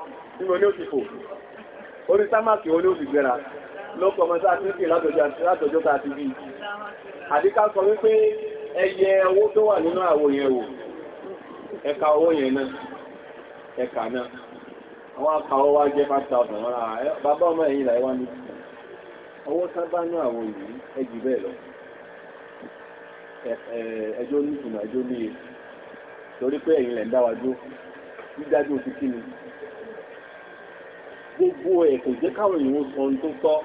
S1: níbo ní òsìkò orí sámàkì olé òsìgbéra lọ́pọ̀ mọ́sá àtúnkì látọjọ́ ta ti bí àdíká sọ wípé ẹyẹ owó tó wà nínú àwọ̀ yẹn wò ẹ̀ka owó yẹn náà ẹ̀ka náà wọ́n bàbá ọmọ owó sábà ní àwọ̀ yìí torí pé ẹ̀yìn lẹ̀ ń ni gbogbo ẹ̀ kò jẹ́ káwọn èèyàn sọ ohun tó tọ́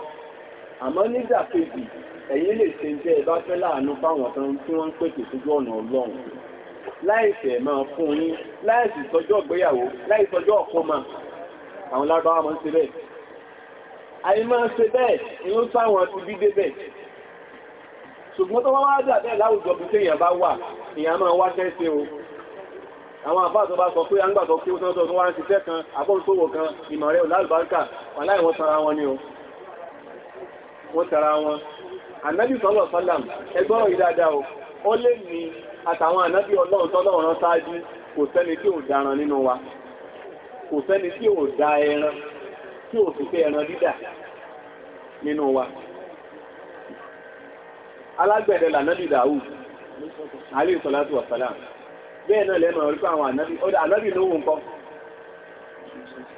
S1: àmọ́ nígbà kejì ẹ̀yin lè ṣe jẹ́ ẹ bá fẹ́ láàánú fáwọn kan tí wọ́n ń pèsè sójú ọ̀nà ọlọ́run láìsẹ̀ máa fún yín láìsì sọjọ́ ìgbéyàwó láìsọjọ́ ọ̀kọ́mà àwọn lágbàwà máa ń ṣe bẹ́ẹ̀ àyí máa ń ṣe bẹ́ẹ̀ ni ó sáwọn ti bí débẹ̀ ṣùgbọ́n tó wá wá dà bẹ́ẹ̀ láwùjọ bí téèyàn bá wà èèyàn máa wá ṣẹ́ṣe o àwọn àfáà tó bá sọ pé àǹgbà sọ pé ó sọ́tọ̀ tó wá ń ṣiṣẹ́ kan àbóǹtòwò kan ìmọ̀ rẹ̀ olálùbáńkà wàláì wọ́n wọn ni o wọ́n tara wọn ànábì sọ́lọ̀ sọ́làm ẹgbọ́n ìdáadáa o ó lè ní àtàwọn ànábì ọlọ́run tọ́lọ́run rán ṣáájú kò sẹ́ni tí ò bẹ́ẹ̀ náà lẹ́mọ̀ orí pé àwọn ànábì ló wù nǹkan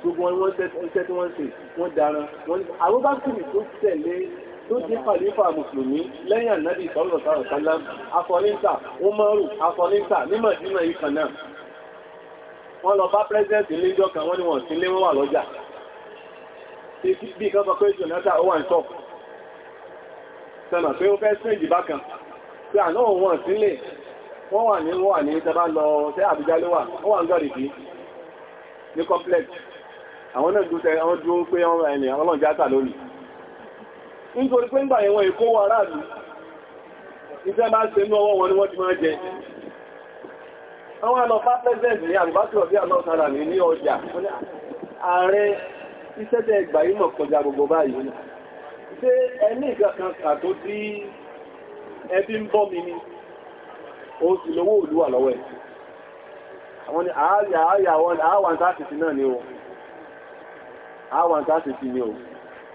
S1: gbogbo wọn wọ́n tẹ́ tí wọ́n ṣe wọ́n dára wọ́n Abubakar tó tẹ̀lé tó jẹ́ pàlífà mùsùlùmí lẹ́yìn ànábì sọ́rọ̀sọ́rọ̀ sálá afọ́lẹ́ńtà wọ́n mọ́rù afọ́lẹ́ńtà ní Mádínà yìí kan náà wọ́n lọ bá pẹ́sẹ̀ntì léjọ́ kan wọ́n ni wọ́n sí lé wọ́n wà lọ́jà bí kan sọ pé Jonathan ó wà ń tọ́ sẹ́nà pé ó fẹ́ sí ìjìbá kan pé àná òun wọ́n sílẹ̀ wọ́n wà ní wọ́n wà ní tẹ́bá lọ tẹ́ Àbújá ló wà wọ́n wà ń gọ́rì kí ní complex àwọn náà dúró tẹ́ wọ́n dúró pé wọ́n ẹni ọlọ́njẹ́ àtà lónìí nítorí pé ńgbà yẹn wọ́n èkó wọ aráàlú iṣẹ́ bá ṣe ní ọwọ́ wọn ni wọ́n ti máa jẹ àwọn àlọ́fà president ní àlùbáṣọ̀ bí àlọ́sára ní ní ọjà ààrẹ iṣẹ́ tẹ́ gbà yí mọ̀ kọjá ó sì lówó olúwà lọ́wọ́ ẹ̀ àwọn ni àáyà àáyà wọn àáwà tààtìtì náà ni o àáwà tààtìtì ni o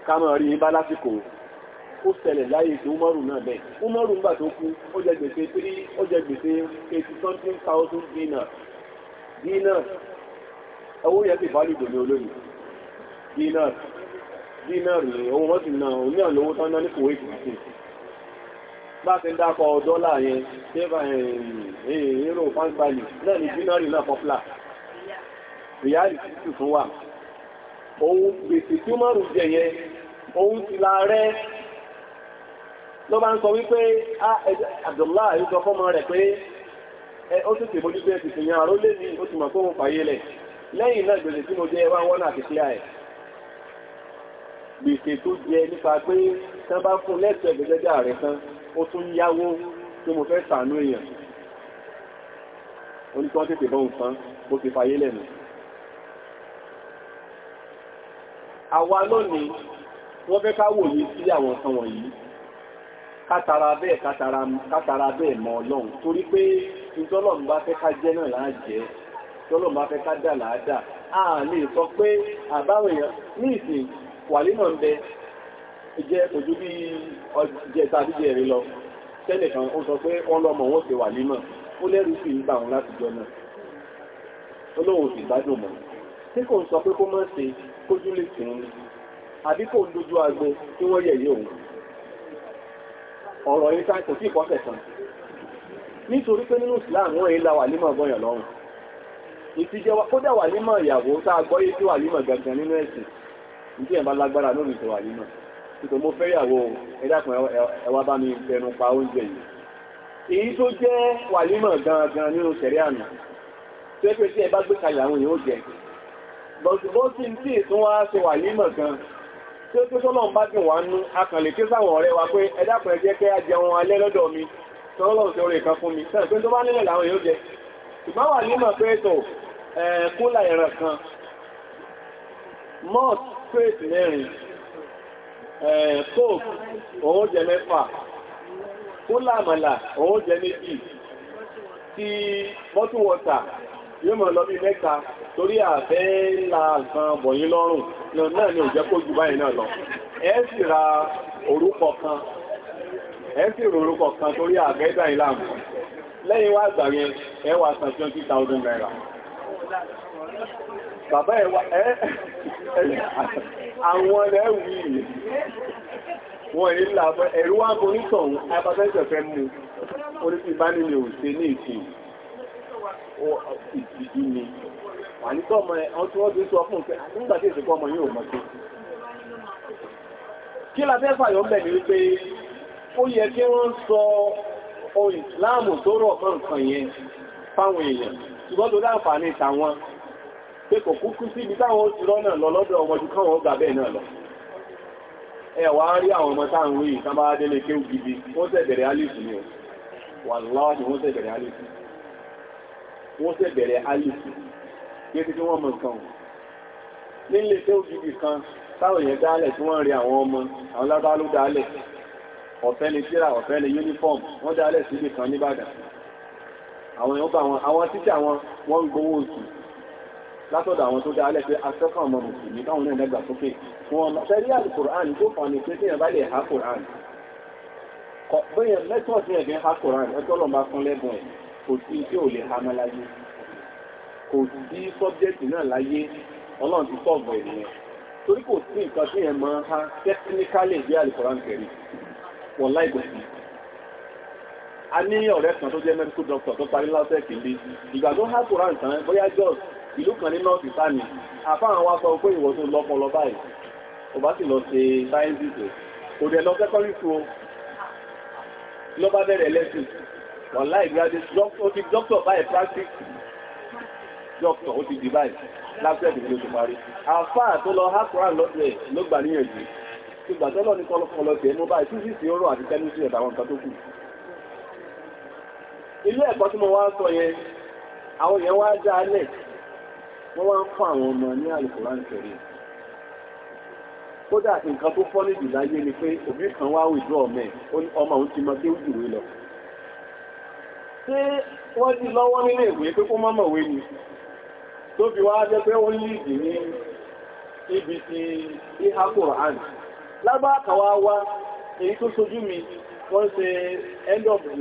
S1: ká máa rí bá lásìkò ó ṣẹlẹ̀ láyé tí Umaru náà bẹ̀ Umaru nígbà tó kú ó jẹ gbèsè three ó jẹ gbèsè eighty something thousand dinar dinar owó yẹn ti bálù dòmí olóyìn dinar dinar ni owó mọ́sìn náà oníyàn lówó tán náà ní Kuwait nìkan bá ti ń dákọ̀ dọ́là yẹn tẹ́bà èrò pàǹpàlì náà ni dínárì náà pọ́pùlà ríálì títù tún wà ohun gbèsè tí ó márùn jẹ yẹn ohun ti la rẹ ló bá ń sọ wípé àdùnlá yóò sọ fọ́mọ rẹ̀ pé ó sì tè mójú bẹ́ẹ̀ tìtì yan àrólé ní ó ti mọ̀ pé òun fàyè lẹ̀ lẹ́yìn náà gbèsè tí mo jẹ wá wọ́n náà ti fi àẹ̀ gbèsè tó jẹ nípa pé tán bá fún lẹ́sẹ̀ gbẹ́gẹ́dẹ́ ààrẹ tán ó tún yáwó tí mo fẹ́ sàánú èèyàn onítọ́ tètè bọ́ nǹkan bó ti fayé lẹ́nu àwa lónìí wọ́n fẹ́ ká wòye sí àwọn nǹkan wọ̀nyí kátara bẹ́ẹ̀ kátara bẹ́ẹ̀ mọ ọlọ́run torí pé ìtọ́lọ́run bá fẹ́ ká jẹ́ náà láà jẹ́ ìtọ́lọ́run bá fẹ́ ká dà láà dà á lè sọ pé àbáwọn èèyàn ní ìsìn wàlínà ń bẹ jẹ́ ojú bí ọjẹta díje rí lọ tẹ́lẹ̀ kan ó sọ pé wọ́n lọ́mọ wọn ti wà límọ̀ ó lẹ́rù sí ń gbà wọn láti jọ náà ó lóun sì gbádùn mọ́ tí kò ń sọ pé kó má ṣe kójú lè sìn ín àbí kò ń dojú agbo kí wọ́n yẹ̀yẹ́ òun ọ̀rọ̀ yìí ká kò sí ìkọ́sẹ̀ kan nítorí pé nínú Islam wọ́n èyí la wà límọ̀ bọ́yàn lọ́rùn ìtìjẹwà kódà wà límọ̀ ìyàwó tá a gbọ́ yé tí wà límọ̀ gangan nínú ẹ̀sìn nítorí ẹ̀ bá lágbára lórí ìtẹ̀wà límọ̀ títò mo fẹ́ yàwó ẹ̀dàkùn ẹwà bá mi fẹnu pa oúnjẹ yìí èyí tó jẹ́ wàlímọ̀ gangan nínú sẹ̀rí àná tó ẹgbẹ́ tí ẹ bá gbé kalẹ̀ àwọn èèyàn jẹ bọ́sí tí ìtún wá ṣe wàlímọ̀ gan tó ẹgbẹ́ tọ́lọ̀ ń bá dùn wá nú akànlè kí sáwọn ọ̀rẹ́ wa pé ẹ̀dàkùn ẹ jẹ́ kẹ́ á jẹun alẹ́ lọ́dọ̀ mi tọ́lọ̀ ṣe orí kan fún mi sẹ́yìn pé tó bá nílẹ̀ làwọn èèyàn jẹ ṣùgbọ́n wàlímọ̀ pé ètò kúlà ẹ̀ràn kan mọ́ọ̀t Eh, coke òun jẹ mẹ́fà kúlàmàlà òun jẹ méjì tí bọ́tù wọ́ta yóò mọ̀ lọ bí mẹ́ta torí àfẹ́ ńlá nǹkan bọ̀yín lọ́rùn náà ni ò jẹ́ kó jù báyìí náà lọ ẹ sì ra orúkọ kan ẹ sì rò orúkọ kan torí àfẹ́ ìgbà ìlàmù lẹ́yìn wá àgbà yẹn ẹ wà san 20,000 naira bàbá ẹ̀wà àwọn ẹ̀ wí wọ́n èyí làbọ́ ẹ̀rú wá bọ́ nítàn abáfẹ́sẹ̀ fẹ́ mú oríṣi ìbánilẹ̀ òṣè ní ìsìn ìdìdí ni wà ní tọ́mọ ẹ̀ ọ́n tí wọ́n ti sọ fún ìfẹ́ nígbàtí ìsìnkú ọmọ yóò mọ̀ sí kí la fẹ́ fàyọ̀ ń bẹ̀ ní wípé ó yẹ kí wọ́n sọ ohun ìsìláàmù tó rọ̀ fún nǹkan yẹn fáwọn èèyàn ṣùgbọ́n tó dáǹfà ní ìtàwọn pé kò kúkú sí ibi táwọn ti rọ́nà lọ lọ́dọ̀ ọmọdé káwọn gbà bẹ́ẹ̀ náà lọ ẹ wá rí àwọn ọmọ táwọn yìí tán bá délé kéwù gidi wọ́n ṣe bẹ̀rẹ̀ alìsù ni ọ̀ wàláhì wọ́n ṣe bẹ̀rẹ̀ alìsù wọ́n ṣe bẹ̀rẹ̀ alìsù pé tí wọ́n mọ̀ nǹkan nílé kéwù gidi kan táwọn èèyàn dálẹ̀ tí wọ́n rí àwọn ọmọ àwọn lábálú dálẹ̀ ọ̀fẹ́ ni tíra ọ̀fẹ́ ni uniform wọ́n dálẹ̀ síbi kan nìbàdàn gbowó oṣù látọ̀dọ̀ àwọn tó dá alẹ́gbẹ́ akẹ́kọ̀ọ́ ọmọ mùsùlùmí báwọn náà lẹ́gbà sókè wọn fẹ́rí alukur'an tó fà ní pé téèyàn bá lè ha kur'an bẹ́yẹn mẹ́tọ̀ tí ẹ̀gbẹ́ ha kur'an ẹjọ́ lọ́mọ fún lẹ́gùn ẹ̀ kò sí tí ò lè ha mọ́ láyé kò sí sọ́bjẹ́tì náà láyé ọlọ́run ti sọ̀gbọ̀ ènìyàn torí kò sí nǹkan tí ẹ̀ máa ha tẹ́kíníkálì bí alukur'an kẹrì wọ́n láì a ní ọ̀rẹ́ kan tó jẹ́ medical doctor tó parí láwùsẹ̀ kìlí ìgbà tó há kóra nǹkan bóyá George ìlú kan ní north ìsáni àfáà wa sọ pé ìwọ tó lọ́pọ̀ lọ báyìí ó bá sì lọ ṣe sáyẹ́ǹsì tó kò dẹ̀ lọ sẹ́kọ́rì tó o ló bá bẹ̀rẹ̀ lẹ́sìn wàhálà ìgbàdé ó ti dókítà báyìí practice dókítà ó ti di báyìí lásìkò ìdílé tó parí àfáà tó lọ hákùrà lọ́sẹ̀ ló gbà níyànjú ìgbà tó lọ ní kọlọkọlọ tẹ̀ mú báyìí tí sì sí ọ̀rọ̀ àti tẹ́lú sí ẹ̀dà àwọn nǹkan tó kù ilé ẹ̀kọ́ tí mo wá sọ yẹn àwọn yẹn wá dá lẹ̀ wọ́n wá ń fún àwọn ọmọ ní àlùkòrán kẹrì kódà nǹkan tó fọ́ nídìí láyé ni pé òbí kan wá wìdúrọ̀ ọmọ ẹ̀ ọmọ òun ti mọ pé ó jùwé lọ ṣé wọ́n ti lọ́wọ́ nílé ìwé pé kó mọ́mọ̀ wé ni tó fi wá jẹ́ pé ó ń lìdì ní ibi ti ìhákùn àn lágbàkàwá wá èyí tó sojú mi wọ́n ṣe end of the,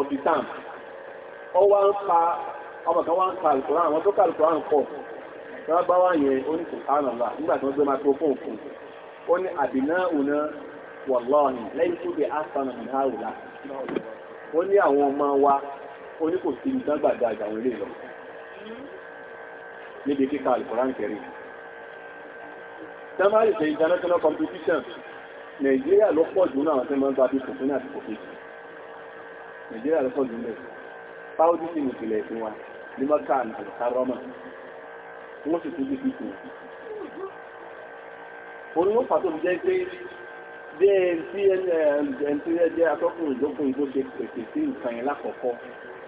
S1: of the term ọ wá ń ka ọmọ kan wá ń ka alùkùrán àwọn tó ka alùkùrán kọ̀ tọ́wọ́ bá wà yẹn ó ní sùpánàlá nígbà tí wọ́n gbé microphone fún un ó ní àbínà òun wọ̀lọ́ọ̀nì lẹ́yìn tó bẹ asana ní àwùlá ó ní àwọn ọmọ wa ó ní kò sí ìdágbàdà àgbàwọn eré lọ níbi kíkà alukoran kẹrì tẹ́mọ́rì ṣe international competition nàìjíríà ló pọ̀ jù náà tẹ́mọ́ gba bí kò fún àti kò nàìjíríà ló pọ̀ jù náà fáwọn tí sì mùsùlẹ̀ ìfún wa ní mọ́kà àti kárọ́mà wọ́n sì tún bí fífi. òun ló fà tó jẹ́ pé bí ẹni tí ẹ jẹ́ atọ́kùnrin ìjókòó tó ṣe pèsè sí nǹkan yẹn lákọ̀ọ́kọ́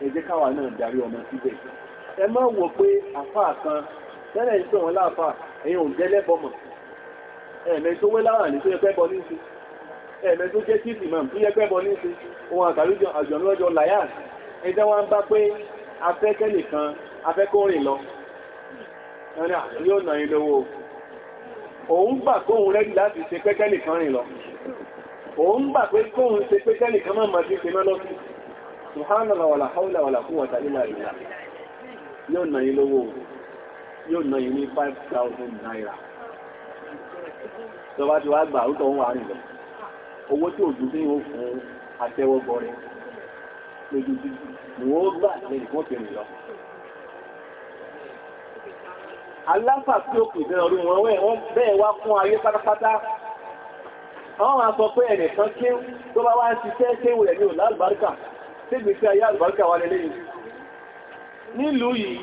S1: ẹ jẹ́ káwa náà darí ọmọ síbẹ̀. ẹ má wò pé àfáà kan tẹ́lẹ̀ ń pè wọ́n láàfáà ẹ̀yin ò jẹ́lẹ́ bọ́mọ̀ ẹ̀mẹ́ tó wé lára ní tó yẹ pẹ́bọ ní ṣe ẹ̀mẹ́ tó jẹ́ chief imam tó yẹ pẹ́bọ ní ṣe ohun àtàríjọ àjọ̀lọ́jọ́ layas ẹjẹ́ wọ́n ń bá pé afẹ́kẹ́ nìkan afẹ́kọ́rin lọ yóò nà ilé owó òun gbà kóhun rẹ́dì láti ṣe pẹ́kẹ́lì kan rìn lọ òun gbà pé kóhun ṣe pẹ́kẹ́lì kan máa máa ti ṣe mẹ́lọ́ sí ṣùhánàlá wàlà haúlà wàlà fún wọ̀ta ilẹ̀ ìlà yóò nà ilé owó yóò nà ilé 5,000 naira tọba ti wá gbà ó tọ́ wà rìn lọ owó tí òjú aláfà tí ó pè bẹ́ẹ̀ orí wọn wọ́n bẹ́ẹ̀ wá fún ayé pátápátá àwọn máa sọ pé ẹnìkan kí tó bá wá ń ṣiṣẹ́ kéwò rẹ̀ ní òlá àlùbáríkà tíbi tí ayé àlùbáríkà wà lélẹ́ yìí nílùú yìí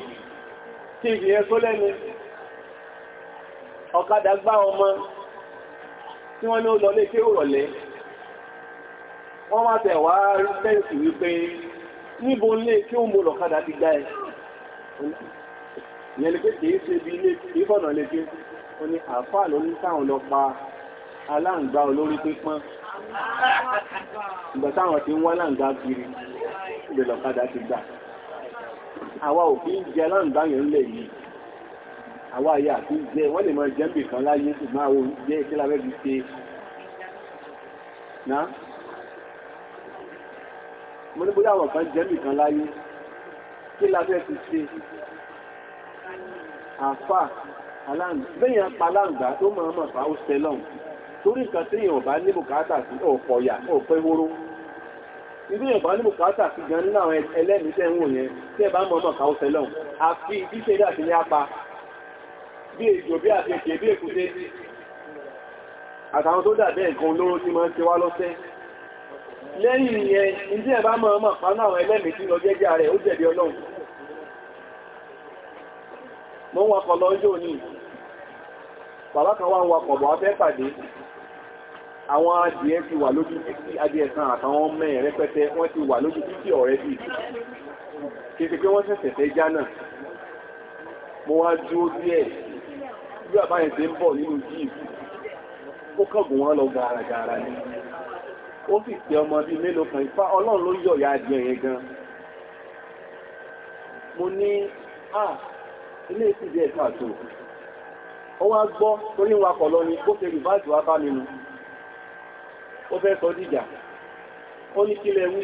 S1: tí ìgbìyàn tó lẹ́nu ọ̀kadà gbá ọmọ tí wọ́n ní ó lọ lé kéwò rọ̀lẹ́ wọ́n máa tẹ̀ wá rí fẹ́ǹsì wípé níbo lé kí ó mo lọ̀kadà ti gbá ẹ̀ ìyẹn ni pé kìí ṣe bí ilé kìí fọ̀nà lékè ó ní àáfàá ló ní táwọn lọ pa aláǹgbá olórí pípọ́n ìgbà táwọn ti ń wá láǹgbá kiri ìbẹ̀ lọ́kadà ti gbà àwa ò fi ń jẹ aláǹgbá yẹn ńlẹ̀ yìí àwa ayé àti jẹ wọ́n lè mọ jẹ́ǹbì kan láyé ṣùgbọ́n àwọn jẹ́ ìṣẹ́lá fẹ́ fi ṣe náà mo ní bóyá àwọn kan jẹ́ǹbì kan láyé kí la fẹ́ fi ṣe àfà aláǹgbá lẹ́yìn apá aláǹgbá tó máa mọ̀ fà ó sẹlọ̀n torí nǹkan tí èèyàn bá ní bùkátà sí ọ̀pọ̀yà ọ̀pẹ́ horo ibi èèyàn bá ní bùkátà sí gan nínú àwọn ẹlẹ́mìí tẹ́ ń wò yẹn tí ẹ bá mọ̀ mọ̀ fà ó sẹlọ̀n àfi ìdíṣe dà sí ní apá bí èjò bí àkekè bí èkúté àtàwọn tó dàbẹ́ nǹkan olóró tí máa ń ṣe wá lọ́sẹ́ lẹ́yìn ìyẹn ìdí ẹ̀ bá mọ̀ mọ̀ fà náà ẹlẹ́mìí tí lọ jẹ́jẹ́ rẹ̀ ó jẹ̀bi ọlọ́run mọ́ wakọ̀ lọ yóò ní bàbá kan wá ń wakọ̀ bọ̀ afẹ́ pàdé àwọn adìẹ ti wà lójú títí adìẹ kan àtàwọn mẹ́rin rẹpẹtẹ wọ́n ti wà lójú títí ọ̀rẹ́ bí kéèké pé wọ́n ṣẹ̀ṣẹ̀ fẹ́ jánà mo wá dúró díẹ̀
S2: bí bàbá yẹn ti ń bọ̀ nínú jíìpù
S1: ya adìẹ yẹn gan mo ní ah ilé ìsì díẹ̀ o? ó wá gbọ́ torí wa lọ ni ó fẹ́ wá bá nínú. ó fẹ́ sọ dìjà ó ní kí lẹ wí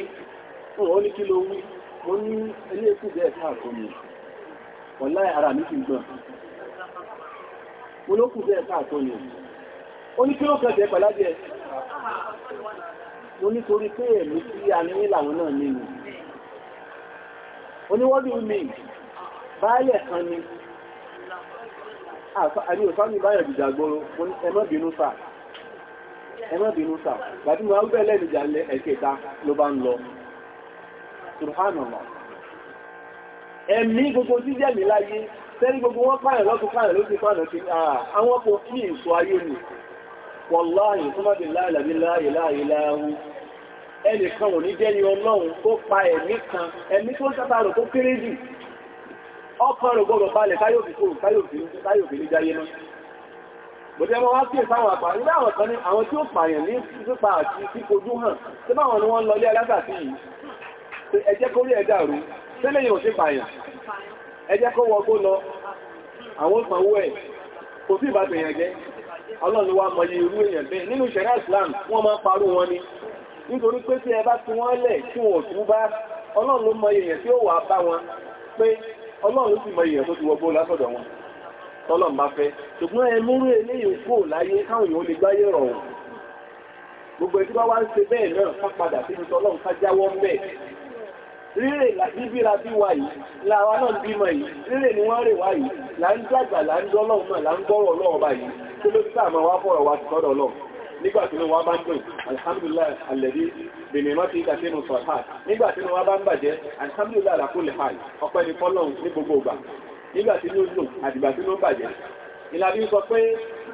S1: ó ní kí ló wí mo ní ilé ìsì ara mi ti gbọ̀n mo ló kù díẹ̀ káàtó O ó ní kí ló kẹ̀ jẹ́ pẹ̀lá díẹ̀ mo nítorí pé èmi tí a ní làwọn náà nínú oníwọ́dún báyẹ̀ kan ni àrí òsáàmì báyẹ̀ dìjà gbọ́rọ̀ ẹ má bínú sà ẹ má bínú sà gbàtí mo wá bẹ̀lẹ̀ dìjà lẹ ẹ̀kẹta ló bá ń lọ subhanallah ẹ̀mí gbogbo tí jẹ́mi láyé tẹ́rí gbogbo wọn pààyàn lọ́tún pààyàn ló ti pààyàn ti àwọn kò kí ìṣọ́ ayé nì wọ̀láyìn tó má bí láìláì láìláì láìláì ẹnìkan ò ní jẹ́ ni ọlọ́run tó pa ẹ̀mí kan ẹ̀mí tó sábà rò tó kéré jù ọkàn rẹ̀ gbọ́dọ̀ balẹ̀ káyòbí kò káyòbí ní jáyé náà bòdí ẹmọ wá sí ìsáwọn àpá nígbà àwọn kan ní àwọn tí ó pààyàn ní pípa àti kíkojú hàn tí báwọn ni wọ́n lọ lé alágbà sí yìí ẹjẹ́ kó rí ẹ̀dà rú tí lè yàn sí pààyàn ẹjẹ́ kó wọgbó lọ àwọn ìpàwó ẹ̀ kò sí ìbátẹ̀yàn jẹ́ ọlọ́run wa mọ̀yí irú èèyàn bẹ́ẹ̀ nínú ìṣẹ̀rẹ́ Islam wọ́n máa parú wọn ni nítorí pé tí ẹ bá ti wọ́n lẹ̀ tí wọn ò tún bá ọlọ́run ló mọ̀yí èèyàn tí ó wà bá wọn pé ọlọ́run sì mọ èèyàn tó ti wọgbó látọ̀dọ̀ wọn tọ́lọ̀ bá fẹ́ ṣùgbọ́n ẹ múrú eléyìí kó láyé káwọn èèyàn lè gbáyé rọrùn gbogbo ìdíwá wá ń ṣe bẹ́ẹ̀ náà ká padà sí ìtọ́lọ́run ká jáwọ́ mẹ́ rírè bíbíra bí wa yìí láwa náà bímọ yìí rírè ni wọ́n rè wá yìí là ń dàgbà là ń dọ́lọ́run náà là ń gbọ́rọ̀ ọlọ́run báyìí tó ló ti sáà máa wá fọ̀rọ̀ wa ti tọ́dọ̀ nígbàtí wọ́n bá ń dùn alhamdulillah alẹ́bí bèèrè mọ́ ti ìdàtí inú sọ̀tà nígbàtí wọ́n bá ń bàjẹ́ alhamdulillah àlàkùnlé hàn ọpẹ́ ní fọ́lọ́n ní gbogbo ìgbà nígbàtí ló dùn àdìgbàtí ló bàjẹ́ ìlàbí sọ pé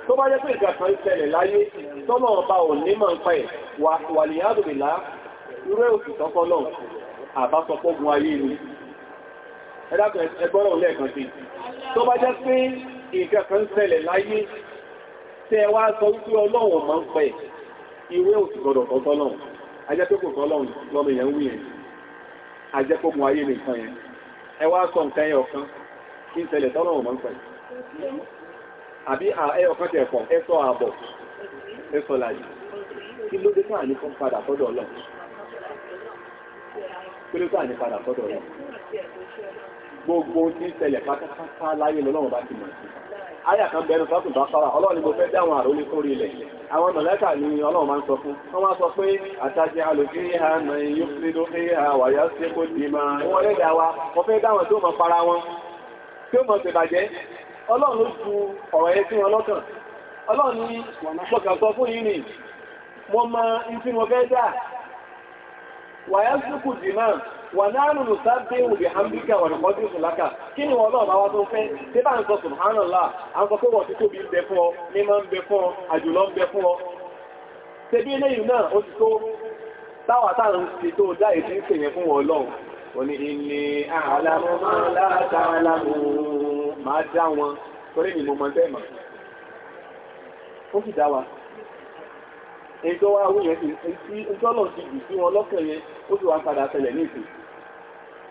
S1: tó bá jẹ́ pé ìgbà kan ṣẹlẹ̀ láyé tọ́mọ̀ ọba ò ní mọ̀ ń pẹ̀ wà ní àdùbìlá irú òsì tọ́kọ́lọ́n àbásọpọ̀gun ayé ni ẹgbọ́rọ̀ lẹ́ẹ̀kan sí tó bá jẹ́ pé ìgbà kan tẹ́ wá sọ wípé ọlọ́wọ̀n máa ń pẹ̀ ìwé òsì gbọdọ̀ kọ́ tọ́lọ́run ajẹ́ pé kò tọ́lọ́run lọ́mọ yẹn ń wí yẹn ajẹ́ pé mu ayé nìkan yẹn ẹ wá sọ nǹkan ẹ ọ̀kan kí n tẹ̀lẹ̀ tọ́lọ́run máa ń pẹ̀ àbí ẹ ọ̀kan tẹ̀ pọ̀ ẹ sọ ààbọ̀ ẹ sọ láyé kí ló dé káà ní kó padà sọ́dọ̀ ọlọ́run kí ló káà ní padà sọ́dọ̀ gbogbo tí ń tẹ̀lẹ̀ pátápátá láyé lọ́lọ́run bá ti mọ̀ Aya kan bẹnu sọ́kùn bàkọ́rà, ọlọ́run ni mo fẹ́ dá àwọn àrólé kórí ilẹ̀. Àwọn mọ̀lẹ́kà ni ọlọ́run ma ń sọ fún. Wọ́n máa sọ pé àtàjẹ àlòfin ìhà nà yóò fi ló fi ìhà wàyá sí kó di máa. Wọ́n lè wa, fẹ́ tó wọn. Tí ó mọ̀ sí bàjẹ́, ọlọ́run ni wà láàrùn lùsáàbẹ̀ òbí hamdika wà nìkọ́dún ìṣùlákà kí ni wọ́n náà bá wá tó fẹ́ tí bá ń sọ subhanallah a ń sọ pé wọ́n ti tóbi ń bẹ fún ọ ní máa ń bẹ fún ọ àjùlọ ń bẹ fún ọ tẹbí eléyìí náà ó ti tó táwà táà ń ti tó dá ètí ń pèyẹ fún ọlọ́run ò ní ilé àlàmú máa látara lámú máa dá dá wa ètò wa wúyẹn sí ìtọ́lọ̀ ti jù sí wọn lọ́kàn yẹn ó sì wá padà tẹ̀lẹ̀ ní ìsìn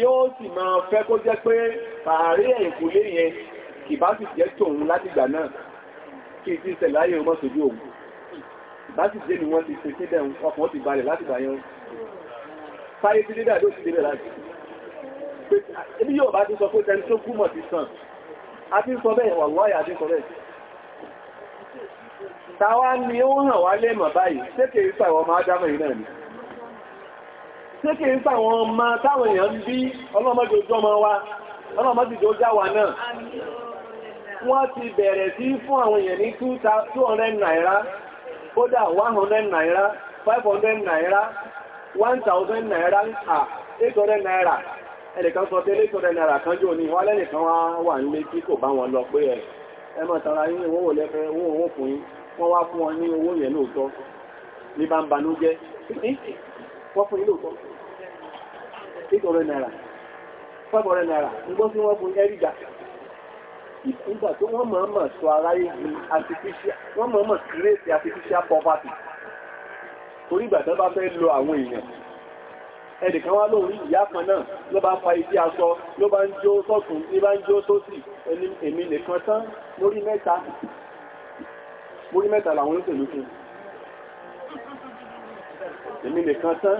S1: yóò sì máa fẹ́ kó jẹ́ pé tààrí ẹ̀kúlé yẹn kì bá sì jẹ́ tòun láti ìgbà náà kí ti ṣẹlẹ̀ ayé ọmọ sójú òun bá sì jẹ́ ni wọ́n ti ṣe síbẹ̀ ọkàn ti balẹ̀ láti ìgbà yẹn sáyé ti dídà ló débẹ̀ láti ebi yóò bá ti sọ pé tẹni tó kú mọ̀ ti sàn a ti sọ bẹ́ẹ̀ wà lọ́yà a ti sọ bẹ́ẹ̀ tàwa ni ó hàn wá lẹ́mọ̀ báyìí ṣé kèé sọ máa dámọ̀ yìí náà seke kìí sàwọn ọmọ táwọn èèyàn ń bí ọlọ́mọdé ojú ọmọ wa ọlọ́mọdé ojú ọjà wa náà wọ́n ti bẹ̀rẹ̀ sí fún àwọn èèyàn ní 200 naira kódà 100 naira 500 naira 1000 naira à 800 naira ẹnìkan sọ pé 800 naira kan jò ní wọ́n wà kò bá wọn lọ pé wọ́n fún 800 naira 500 naira nígbọ́n tí wọ́n fún ẹ́rìjà nígbà tó wọ́n mọ̀ mọ̀ sọ aráyé di artificial wọ́n mọ̀ mọ̀ create artificial poverty torí ìgbà tó bá fẹ́ lo àwọn èèyàn ẹnìkan wá lóòrí ìyá kan náà ló bá fa ibi aṣọ ló bá ń jó sọ́tún ní bá ń jó sósì ẹni èmi nìkan tán lórí mẹ́ta lórí mẹ́ta làwọn olóṣèlú fún èmi nìkan tán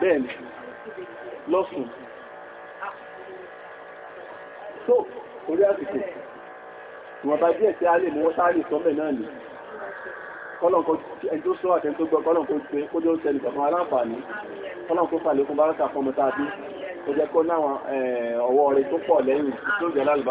S1: bẹ́ẹ̀ ni lọ́sùn tó orí àsìkò ìwọ̀nba díẹ̀ tí a lè mú wọ́tárì sọ́mẹ̀ náà ni kọ́lọ̀kọ́ ẹjọ́ sọ àtẹ́ tó gbọ́ kọ́lọ̀kọ́ pé kó jọ tẹ̀lé kankan aláǹfààní kọ́lọ̀kọ́ pàlékún báràkà fọmọ tàbí kó jẹ́ kó náà ọwọ́ rẹ̀ tó pọ̀ lẹ́yìn tó jẹ́ lálùbá